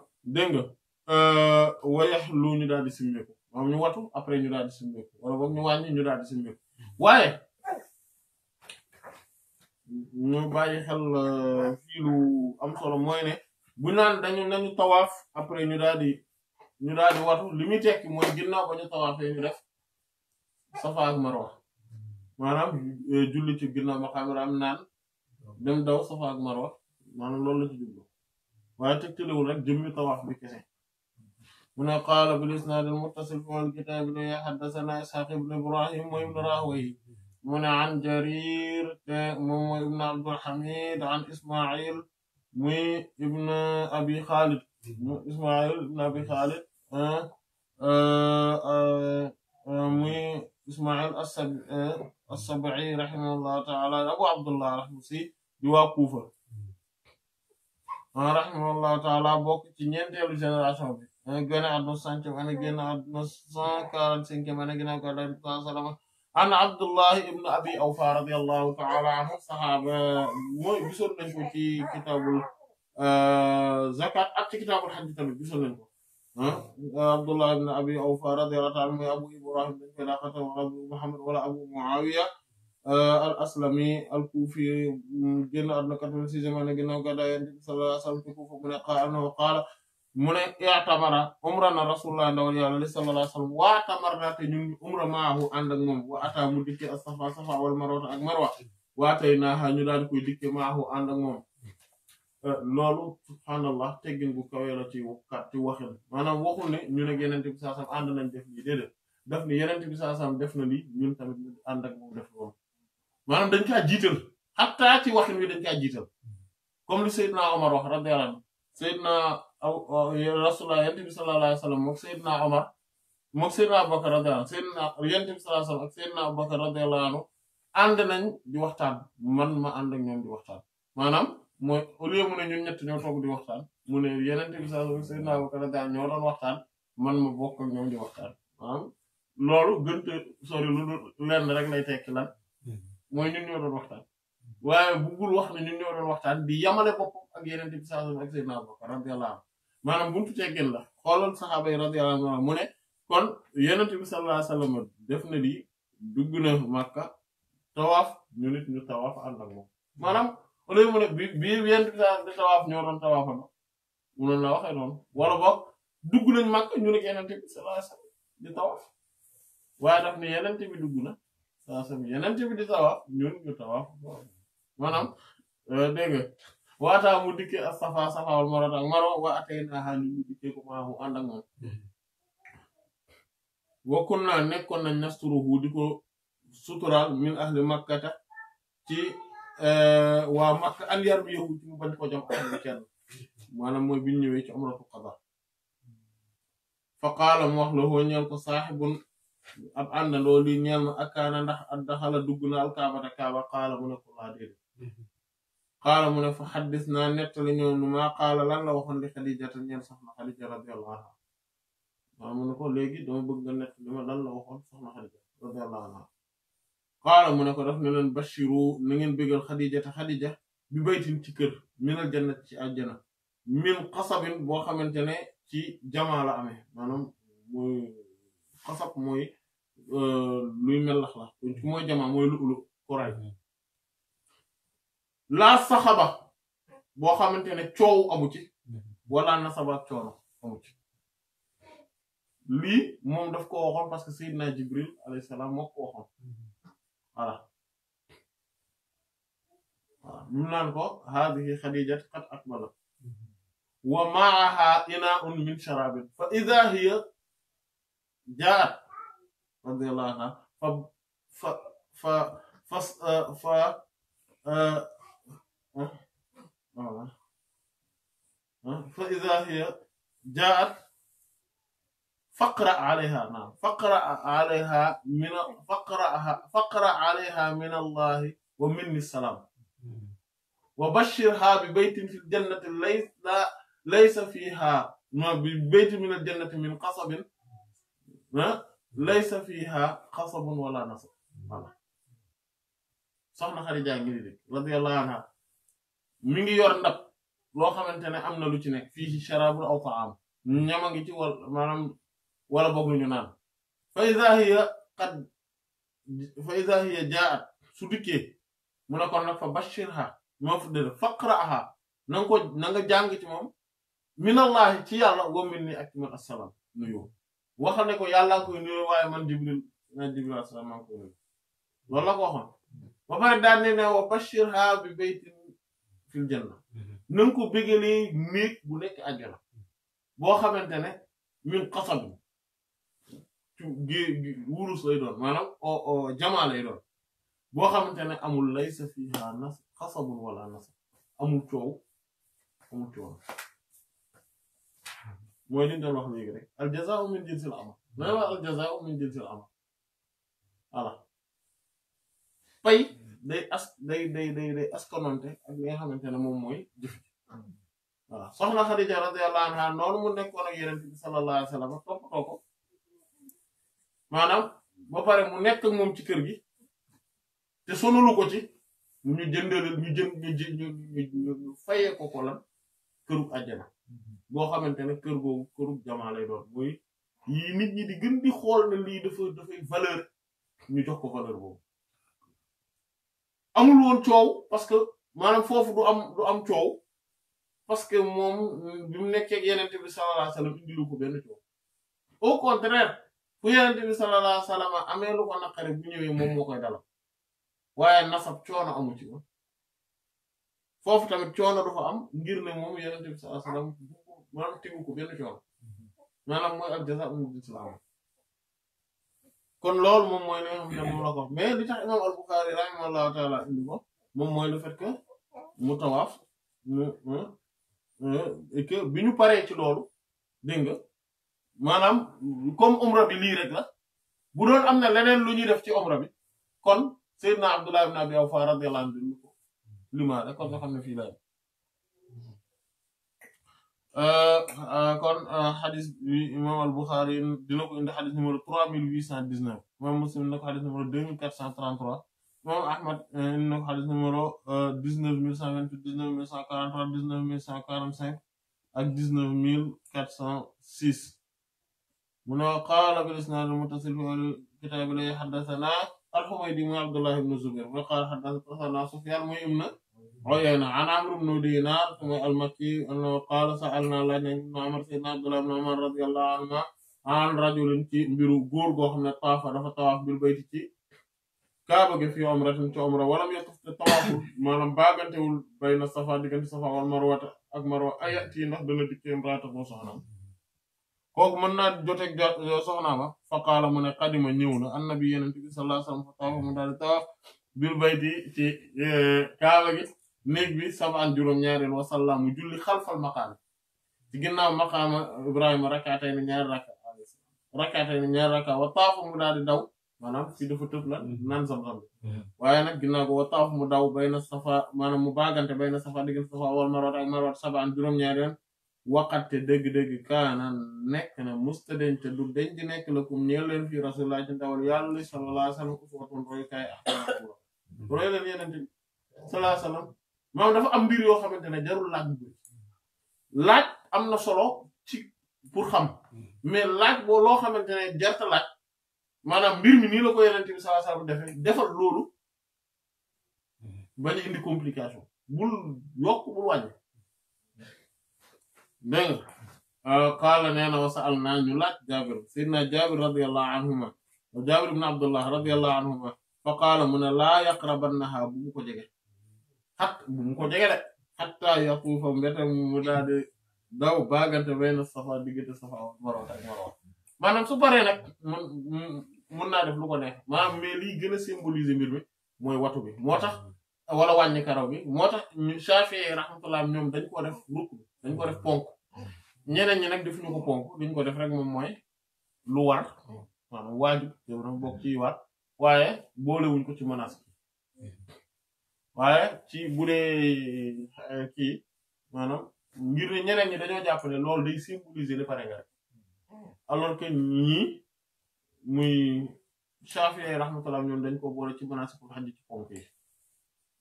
Euh, wayax lu ñu daal di simmeeku maanaam ñu watu xel euh, fii am solo mooy ne bu naan dañu nañu tawaaf après ñu daal di ñu daal watu li muy tekki mooy ginnaaw ba ñu tawaafee ñu def Safa ak Marwa maanaam euh, julli ci ginnaaw ma xam naan dem daw Safa ak Marwa maanaam loolu la ci jublu waaye tegtalewul rek jëmmi tawaaf bi kese. من قال بالإسناد المتصل في الكتاب لا حدثنا إسحاق بن إبراهيم وابن راهوي من عن جرير مم ابن عبد الحميد عن إسماعيل مي ابن أبي خالد إسماعيل ابن أبي خالد أه مي إسماعيل السبعي رحمه الله تعالى أبو عبد الله رحمه الله diwaa Kuufa rahimahullaahu taala bokk ci ñeenteelu génération bi جنا عبد الصانج وانا جنا عبد قال سنك وانا جنا قال سلام عن عبد الله ابن ابي اوفى رضي الله تعالى عنه الصحابه مو بيصير نشوف في كتاب الزكاه آه اكتب كتاب الحج تبع بيصير نشوف عبد الله بن ابي اوفى رضي الله تعالى عنه ابو ابراهيم بن كلاقة وابو محمد ولا ابو معاويه الاسلمي الكوفي جن ارنا كتب سيزمان جن وقال ينتقل صلى الله عليه وسلم في الكوفه من قال mu ne i'tamara umra na rasulullah ndawal yàlla li sallallahu alayhi wasallam waa tamarna te ñun umra maahu ànd ak moom wa ataa mu dikke ak safa safa wal marwata ak marwa waa tey naaxaa ñu daan koy dikke maahu ànd ak moom euh, loolu subhaanallah teggin gu kawe la ci waxin maanaam waxul ne ñu neg yenente bi saa nañ def lii déedéet daf ne yenente bi saa def na lii ñun tamit ànd moom def loolu maanaam dañ kaa jiital xattaa ci waxin wi dañ kaa jiital comme li Seydina aw rasulullah yonent bi sallallahu alayhi wa sallam mook Seydina Omar mook Seydina Abubakar radiyallahu anhu Seydina yonent bi sallallahu alayhi wa nañ di waxtaan man ma ànd ak ñoom di waxtaan maanaam mooy au mu ne ñun ñett ñoo toog di waxtaan mu ne yonent bi sallallahu alayhi wa Seydina Abubakar radiyallahu anhu ñoo doon waxtaan man ma bokk ak ñoom di waxtaan loolu gën te lu lenn rek lay tekki lan mooy ñun ñoo doon waxtaan waaye buggul wax ne ñun ñoo waxtaan di yamale boppam ak yonent bi sallallahu ak Seydina Abubakar radiyallahu anhu maanaam buntu teggin la xoolal saxaaba yi radiyallahu anhum mu ne kon yonent bi sallallahu alayhi def na lii dugg na Makka tawaaf ñu ñu tawaaf ànd ak moom maanaam loolu mu ne bi bi yonent bi tawaaf ñoo doon tawaafam munoon la waxee noonu wala boog dugg nañ Makka ñu ne yonent tawaaf waaye daf ne yonent bi dugg na sallallahu alayhi di tawaaf ñun ñu tawaaf maanaam euh, dégg waataa mu dikkee ak safa safawal marwa ak marwa wa ataynaahaa ñu dikkee ko maahu ànd ak moom wa kunnaa nekkoon nañ nasturuhu di ko suturaal min ahli makkata ci eh, waa makka an yar bi ci mu bañ ko jox ahli biñ ñëwee ci umratu qadaa fa qaala wax la ñeel ko saaxibun ab àndandoo li ñeel ma akaana ndax ad dugg na kaaba qaala mu ne ko laa déedéet qaala mu ne fa xaddis naa nettali ñëw nu maa qaala lan la waxoon li xadijata ñeen soxna xadija radiyallahu anha waaw mu ne ko léegi dama bëgg nga nett li ma la waxoon soxna xadija radiyallahu anha qaala mu ko daf ne leen bashiru na ngeen bëggal xadija bi baytin ci kër minal jannat ci àjjana min xasabin boo xamante ne ci jamaa la amee maanaam mooy xasab mooy euh, luy melax la jamaa mooy lu ulu kuraay la saxaba boo xamante ne coow amu ci wala nasaba coono amu ci lii moom def ko waxoon parce que Seydina Jibril alayhi salaam moo ko waxoon voilà waaw ñu ko haadihi Xadiija qad aqbalat wa ma'aha inaa'un min sharaabin fa idhaa hiya jaa'at radiyallahu anha fa fa fa fa آه. فإذا هي جاءت فقرأ عليها نعم فقرأ عليها من فقرأها فقرأ عليها من الله ومني السلام وبشرها ببيت في الجنة ليس لا ليس فيها ببيت من الجنة من قصب ليس فيها قصب ولا نصب صحنا خارجة رضي الله عنها mi ngi yor ndab loo xamante ne am na lu ci nekk fii sharabun aw ta'am ñama ngi ci wal maanaam wala boog ñu naan fa iza hiya qad fa iza hiya ja'at su mu ne kon nag fa bashirha moo fu dëd faqra'ha na nga ko na nga jàng ci moom minallahi ci yàlla wa minni ak man assalaam nuyoo waxal ne ko yàllaa koy nuyoo waaye man jibril man jibril assalaam maa ngi koy nuyoo loolu la ko waxoon ba pare daan wa bashirha bi baytin fil janna mhm. na nga ko béggalee néeg bu nekk àjjana boo xamante ne min xasab ci wurus lay doon maanaam o jamaa lay doon boo xamante ne amul laysa fiha nas xasabun wala nas amul coow amul coow mooy liñ doon wax léegi rek al jazaa'u min jinsil amal lay pay day as day day day day askanonte ak li nga xamante ne moom mooy jëf voilà soxna Xadija radiyallahu anha noonu mu nekkoon ak yonent bi sallallahu alayhi wasallam toppatoo maanaam ba pare mu nekk moom ci kër gi te sonulu ko ci ñu jëndal ñu jën ñu fayee ko ko lan kërug àjjana boo xamante ne kër googu kërug jamaa lay doon mooy yii nit ñi di gën di xool ne lii dafa dafay valeur ñu jox ko valeur boobu amul woon coow parce que maanaam foofu du am du am coow parce que moom euh, bi mu nekkee ak yenente bi sallallahu alayhi wasallam benn coow au contraire fu yenente bi sallallahu amee lu ko bu ñëwee moom moo koy dalal nasab coono amu ci woon foofu tamit coono du fa am ngir ne moom yenente bi sallallahu alayhi wasallam benn coono mhm. maanaam mooy ak jaza amul islam kon loolu moom mooy li nga xam ne moom la ko mais li tax imam al-Bukhari rahimahullahu taala indi ko moom mooy le fait que mu tawaaf mu et bi ñu paree ci loolu dégg nga maanaam comme umra lii rek la bu doon am na leneen lu ñuy def ci umra bi kon Seydina Abdullah ibn Abi Awfa radiyallahu anhu ko limaa rek kon nga xam ne fii kon xadis bi imam al-Bukhari dina ko indi xadis numéro 3819 imam Muslim dina ko xadis numéro 2433 imam Ahmad dina ko xadis numéro 19128 19143 19145 ak 19406 من قال بالإسناد المتصل في الكتاب الذي حدثنا الحميدي بن عبد الله بن الزبير وقال حدثنا سفيان مهم Uyayna an Amr ibn Dinar mooy al-Makki annahu qaala sa'alnaa laaj nañ ibn Umar sayyidinaa Abdullah ibn Umar radiyallahu anhumaa an ci mbiru góor goo ne taafa dafa tawaaf bil ci Kaaba gi fii umratin ci umra walam yatuf te tawaaful maanaam baagantewul bayna Marwa ak Marwa ndax dana dikkee imraata boo soxnaam fa qaala mu ne qadima na annabi yonent bi sallallahu alayhi wa sallam fa taafa mu daal ci eh, Kaaba gi. neeg bi sabaan juróom ñaareel wa salla julli khalfal maqam ci ginnaw maqam ibrahim rakatay ni ñaar rakka rakatay ni ñaar rakka wa tafu mu daal daw manam fi dafa tëb la mhm. nan Zamzam waaye waye nak ginnaw wa tafu mu daw bayna safa manam mu bagante bayna safa diggante safa wal marwat ak marwat saban juróom ñaari yoon waqatte deug dëgg kaana na mustadin te du deñ di nekk la kum ñeel len fi rasulullah ci ndawal yalla sallallahu alayhi wa sallam uswatun roykaay mm-hmm. roy leen yeneen sallallahu alayhi wa maanaam dafa am mbir yoo xamante ne jarul laaj bu laaj am na solo ci pour xam mais laaj boo loo xamante ne jarta laaj maanaam mbir mi nii la ko yenente bi sallallahu alayhi wasallam defee defal loolu bañ indi complication bul yokk bul wàññi dégg nga euh, qaala nee na wasaal naa ñu laaj jaabir sayyidina jaabir radiyallahu anhuma jaabir ibn abdullah radiyallahu anhuma fa qaala mu ne laa yaqrabannaha bu ko jege xat bu mu ko jege de xatta yaquufa mbete mu daa di daw baagante bayna safa diggante safa marwa ak marwa maanaam su paree nag mun mun naa def lu ko neex maanaam mais liy gën a symboliser mbir mi mooy watu bi moo tax wala wàññi karaw bi moo tax ñu Shafi'i rahmatullah ñoom dañ ko def rukk dañ ko def ponk ñeneen ñi nag defuñu ko ponk liñ ko def rek moom mooy lu war maanaam waajib yow dafa bokk ci war waaye boolewuñ ko ci menace waaye ci bu dee euh, kii maanaam ngir ne ñeneen ñi dañoo jàpp lool loolu day symboliser le pare nga rek alors que ñii muy Shafi'i rahmatullah ñoom dañ ko boole ci manasikul hajj ci ponk yi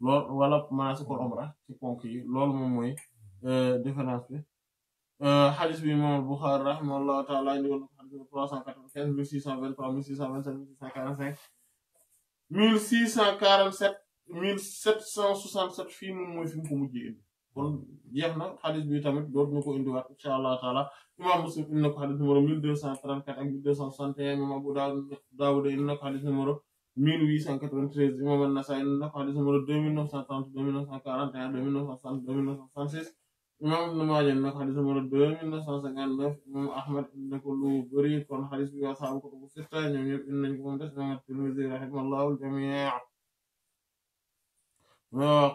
loolu wala manasikul umra ci ponk yi loolu moom mooy euh, différence bi euh, hadith bi imam al-Bukhari rahimahullahu ta'ala indi woon hadith 395 1623 1627 1645 1647 mille sept cent soixante sept fii moom mooy fi mu ko mujjee indi kon jeex na xadis bi tamit dootuñu ko indiwaat incha allah taala na ko xadis numéro mille deux cent trente quatre ak mille deux cent soixante et un imam abu na ko numéro deux mille neuf cent trente deux mille neuf cent quarante et deux mille neuf cent soixante deux mille neuf cent soixante six imam ibn maaja indi na ko xadis numéro deux mille neuf cent cinquante neuf imam ahmad indi na ko lu bëri kon xadis bi waa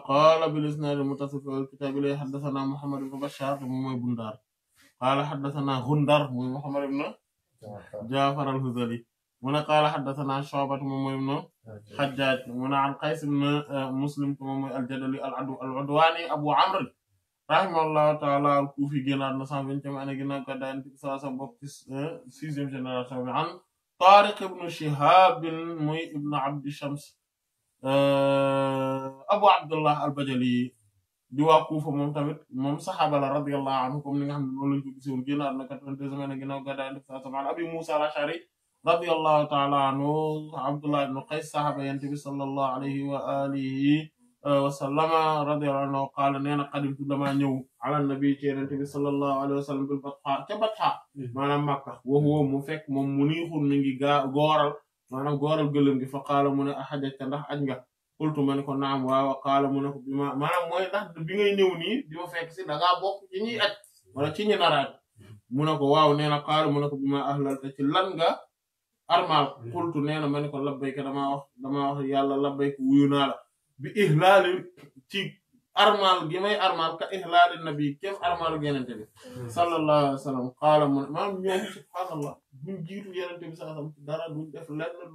قال بلسنا المتصف الكتاب لي حدثنا محمد بن بشار موي بندار قال حدثنا غندر موي محمد بن جعفر الهذلي من قال حدثنا شعبة موي بن حجاج من عن قيس بن آه، مسلم موي الجدلي العدو العدواني أبو عمرو رحمه الله تعالى الكوفي جنار نصام بنت ما أنا جنار كذا أنت سلاسة بوكس سيزم جنرال آه، عن طارق بن شهاب موي ابن عبد الشمس Eh, Abu Abdullah al-Bajali di wa Kufa mom tamit mom sahaba la radiyallahu anhu kom ni nga xamne ne loolu lañ ko gisoon génn na 92 ans ginnaaw gada Abi Musa al-Ash'ari radiyallahu ta'ala anhu Abdullah ibn Qais sahaba Yonent bi sallallahu alayhi wa alihi eh, wa sallama radiyallahu anhu qala nee na qadimtu dama ñew ala nabi ci Yonent sallallahu alayhi wa sallam bil Batha ca Batha manam hmm. Makka wo huwa mu fek mom munihun ngi goral maanaam gooral gëlëm gi fa qaala mu ne ahajjata ndax aj nga qultu ma ko naam waaw qaala mu ne ko bi ma maanaam mooy ndax bi ngay ñëw nii di ma fekk si da ngaa bokk ci ñuy aj wala ci ñi nar a aj mu ne ko waaw nee na qaala ne ko bi ma ahlalta ci lan nga armal qultu nee na ma ne ko labbayka damaa wax damaa wax yàlla labbayka wuyu naa la bi ihlaali ci armal gi may armal ka ihlaali nabi kéem armal genente bi mm. sallallahu alayhi wa sallam qaala mu ne maanaam duñ jiitu yenente bi sallallahu alayhi wasallam def lenn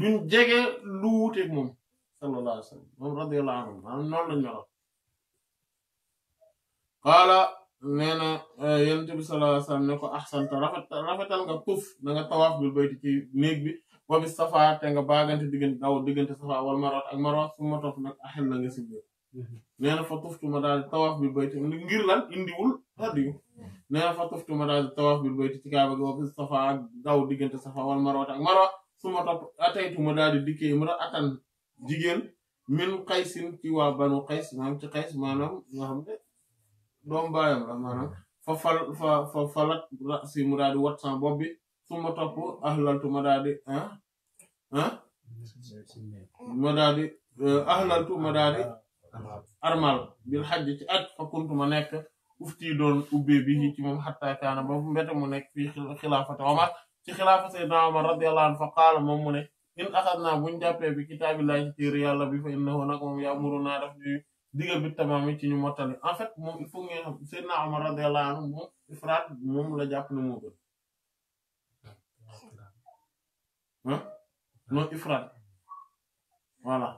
lu jege lu wuuteeg moom sallallahu alayhi wasallam moom radiyallahu anhu maanaam noonu lañ melo qaala nee na eh, yenente bi sallallahu ne ko ahsanta rafet rafetal nga tuf na nga tawaaf bil bayti ci néeg bi wa bis safa te nga baagante diggante daw diggante safa wal marwa ak marwa nga si nee na fa tuftu ma daal di tawaaf bil bayti ngir lan indiwul hadiyu nee na fa tuftu ma daal di tawaaf bil bayti ci kaaba gi wa safa daw diggante safa wal marwa ak marwa su ma topp ataytu ma daal di dikkee mu atan jigéen min xaysin ci waa banu xays maanaam ci xays maanaam nga xam ne doom baayam la maanaam fa falat rasi mu daal di wat bi su ma topp ahlaltu ma daal di ah, ah ma daal di eh, ahlaltu ma daal armal bil xaj ci at fa kuntu ma nekk ufti doon ubbee bi ci moom xataa kaana ba mbete mu nekk fii xilaafati Omar ci xilaafa Seydina Omar radiyallahu anhu fa qaala moom mu ne in axadnaa buñ jàppee bi kitaabillahi ci téere yàlla bi fa innahu nag moom ya'muruna daf ñuy digal bi tamaami ci ñu mottali en fait moom ifraat moom la jàpp ne moo gën ifraat voilà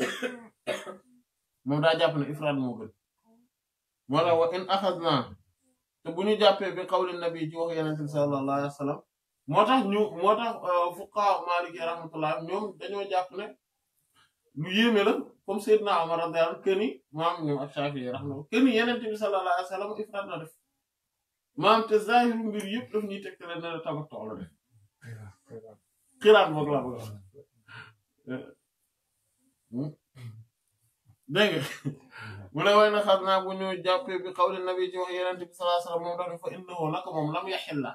moom daa jàpp ne ifraad moo gën moo wa in axadna te bu ñu jàppee bi qawli nabi ci wax yeneen sallallahu alayhi wa sallam moo tax ñu moo tax euh, fuqahaa maaliki rahmatullah ñoom dañoo jàpp ne lu yéeme la comme Seydina Umar radiyallahu anhu këni maam ñoom ak Shaafi'i rahmatullah këni yeneen bi sallallahu wa sallam ifraad na def maam te zaahiru mbir yëpp la tamattu la def xiraat boog laa bëgg a wax euh, hmm? دغ مولا وين خدنا بو نيو جابي بقول النبي جو يرانت بي صلى الله عليه وسلم فانه لك مم لم يحل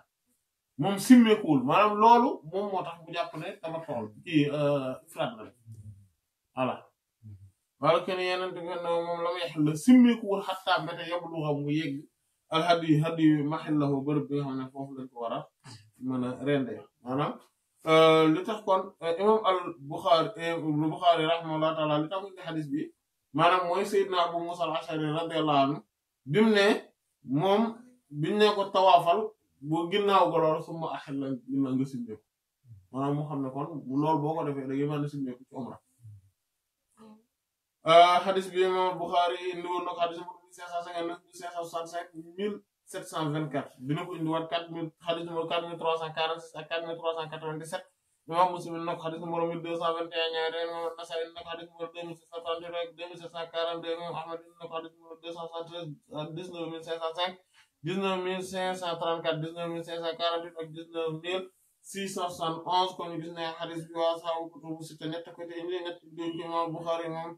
مم سميكول مام لولو مم موتاخ بو جاب ني تما فول كي ا فراد لا هلا ولكن يرانت بي مم لم يحل سميكول حتى متى يبلغ مو يغ الحدي حدي محله برب بي خنا فوف لنكو ورا مانا رندي مانا لتخ امام البخاري البخاري رحمه الله تعالى لتخ حديث بي maanaam mooy Seydina Abu Musa al-Ash'ari radiyallahu anhu bi mu moom biñ ne ko tawaafal boo ginnaaw ga lool suma axel la ginnaaw nga simmeeku maanaam mu xam ne kon loolu boo ko defee rek ngay mën a simmeeku ci umra xadis mm-hmm. ah, bi imam Bukhari indi woon na ko xadis numéro mille cinq cent cinquante-neuf mille cinq cent soixante-cinq mille sept cent vingt-quatre dina ko indiwaat quatre mille xadis numéro quatre mille trois cent quarante-six ak quatre mille trois cent quatre vingt imam muslim na ko xadis numéro mille deux cent vingt et un ñaari xadis numéro deux mille cent cent quarante-deux imam ahmad na xadis numéro deux cent soixante-treize euh, dix-neuf mille cinq cent cinq dix-neuf cent trente-quatre dix-neuf mille cent quarante-huit ak dix six cent soixante onze kon gis na xadis bi waa sahaabu kutubu sitta ñett ko ci indi ñett doon ci imam Bukhari imam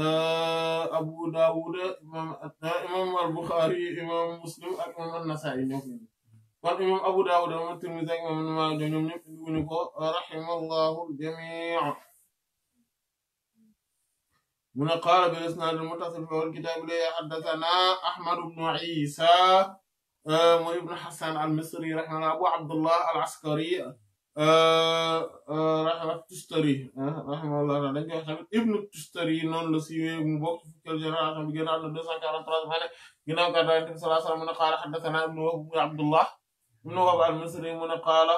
euh, Abu Dawud imam euh, imam bukhari imam Muslim ak imam an kon أبو داود dawud moom tirmisi ak imam ibn maaja ñoom ñëpp من قال بالاسناد المتصل في الكتاب لي حدثنا احمد بن عيسى وابن حسن المصري رحمه الله ابو عبد الله العسكري رحمه التشتري رحمه الله الله ابن التشتري نون لا سيوي مو بوك في الجرا عشان بيجي على 243 فانا غيناو كان النبي صلى الله عليه وسلم قال حدثنا ابن عبد الله من هو المصري من قال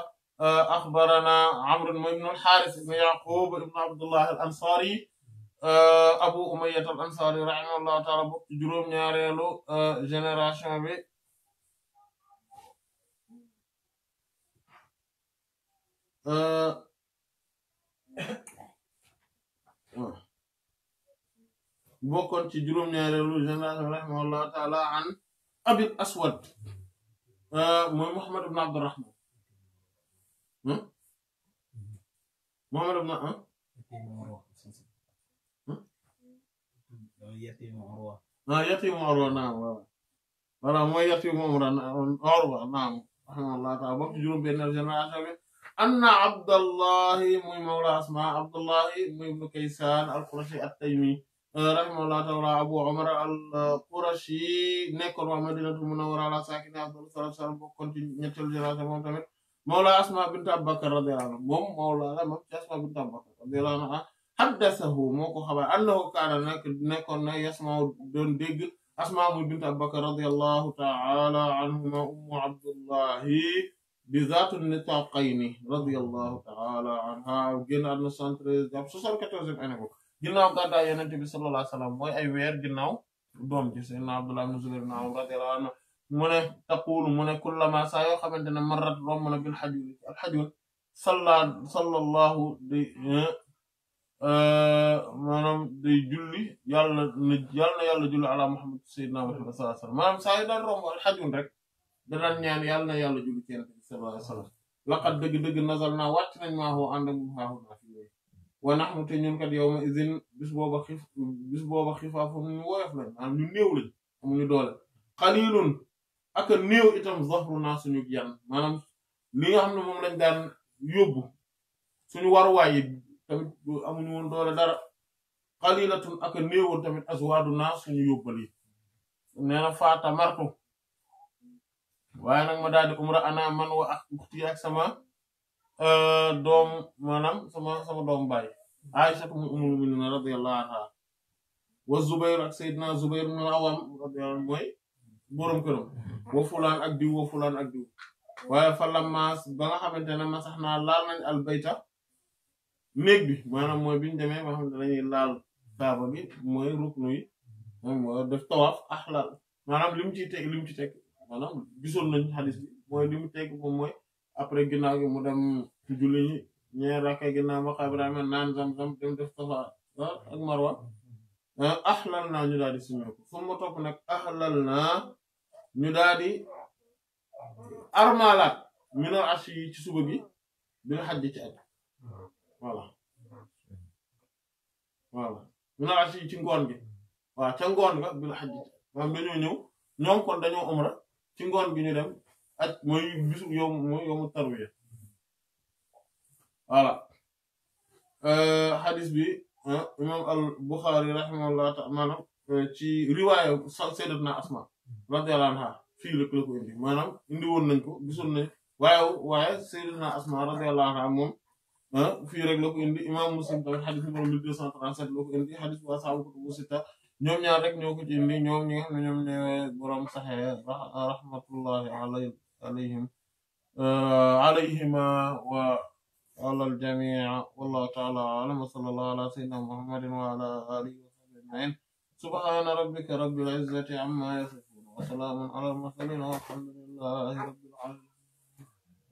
آه، أخبرنا عمرو بن الحارث بن يعقوب بن عبد الله الأنصاري آه، أبو أمية الأنصاري رحمه الله تعالى جروم نياريلو جنراشن بي بوكون تجروم نياريلو جنراشن رحمه الله تعالى عن أبي الأسود Eh, mooy Muhammad ibn Abdurrahman hmm? Muhammad ibn hmm? ah. yatiim Urwa. ah yatiim Urwa naam waaw voilà mooy yatiim Urwa naam rahimahullah ta'ala bokk juróom-benn génération bi anna Abdallahi muy mawla Asma Abdallahi muy ibn Kaysan al-Qurashi at-Taymi rahimahullahu ta'ala Abu Umar al-Qurashi nekkoon waa Madinatul Munawwara ala saakinihaa afdalu salaatu wa salaam bokkoon ci ñetteelu génération moom tamit mawla Asma bint Abu Bakr radiyallahu anha moom mawla la moom ci Asma bint Abu Bakr radiyallahu anha haddathahu moo ko xabaar annahu kaana nekk nekkoon na yasma'u doon dégg Asma muy bint Abu Bakr radiyallahu ta'ala anhuma ummu Abdullahi bi zaatu nitaqayni radiyallahu ta'ala anha génn àdduna 73 jàpp 74e année ginnaaw gàddaay yonent bi sallallahu alayhi wasallam mooy ay weer ginnaaw doom ji sayyidina Abdullah ibn Zubayr ibn Awf radiyallahu anhu mu ne taqulu mu kullama saa yoo xamante ne marrat romb na bil xajul alxajul salla sallallahu day eh, eh, maanaam day Muhammad sayyidina Muhammad saa yu daan romb alxajul rek danaan ñaan yàlla na yàlla julli ci yonent bi sallallahu alayhi wasallam laqad dëgg-dëgg maa woo ànd ak mu wa nahnu te ñun kat yawma izin bis booba xif bis booba xifaafun ñu woyof lañ maanaam ñu néew lañ amuñu doole qalilun ak néew itam zahruna suñu yan maanaam li nga xam ne moom lañ daan yóbbu suñu waruwaay yi tamit amuñu woon doole dara qalilatun ak néewoon tamit azwaduna suñu yóbbal yi nee na faata martu waaye nag ma daal di umra ana man wa ak uxti ak sama Eh, doom maanaam sama sama doom baay Aysatu ummul mu'minin radiyallahu anha wa Zubair ak Seydina Zubair ibn Awam radiyallahu anhu mooy boroom wa fulaan ak diw wa fulaan ak diw waaye fa lamaas ba nga xamante ne masax na laal nañ albayta néeg bi maanaam mooy biñu demee ba nga xamante laal kaaba bi mooy ruknu yi mooy def tawaaf ahlal maanaam li mu ciy teg li ci teg maanaam gisoon nañ xaalis bi mooy li mu mooy après ginnaaw gi mu dem ci julli yi ñeer rakka ginnaaw naan zam-zam dem def safa ak marwa ah, ahlal naa ñu daal di simeeku su ma topp nag ahlal naa ñu daal di ci suba gi bil hajji ci ngoon gi waaw ca ngoon ga bil hajji ci maanaam dañoo ñëw ñoom kon dañoo umra ci ngoon gi ñu dem ak mooy bisu yow mooy yow mu tarwiya voilà euh, hadis bi imam al Bukhari rahimahullah ta maanaam euh, ci riwaaya sayyidatna Asma radiyallahu anha fii la ko indi maanaam indi woon nañ ko gisoon nañ waaye waaye sayyidatna Asma radiyallahu anha moom fii rek la ko indi imam Muslim tamit hadis numéro 1237 la ko indi hadis bu ashaabu kutubu sitta ñoom ñaar rek ñoo ko ci indi ñoom ñi nga xam ne ñoom ne boroom saxe rahmatullahi alayhi عليهم آه، عليهما وعلى الجميع والله تعالى أعلم وصلى الله على سيدنا محمد وعلى آله وصحبه أجمعين سبحان ربك رب العزة عما يصفون وسلام على المرسلين والحمد لله رب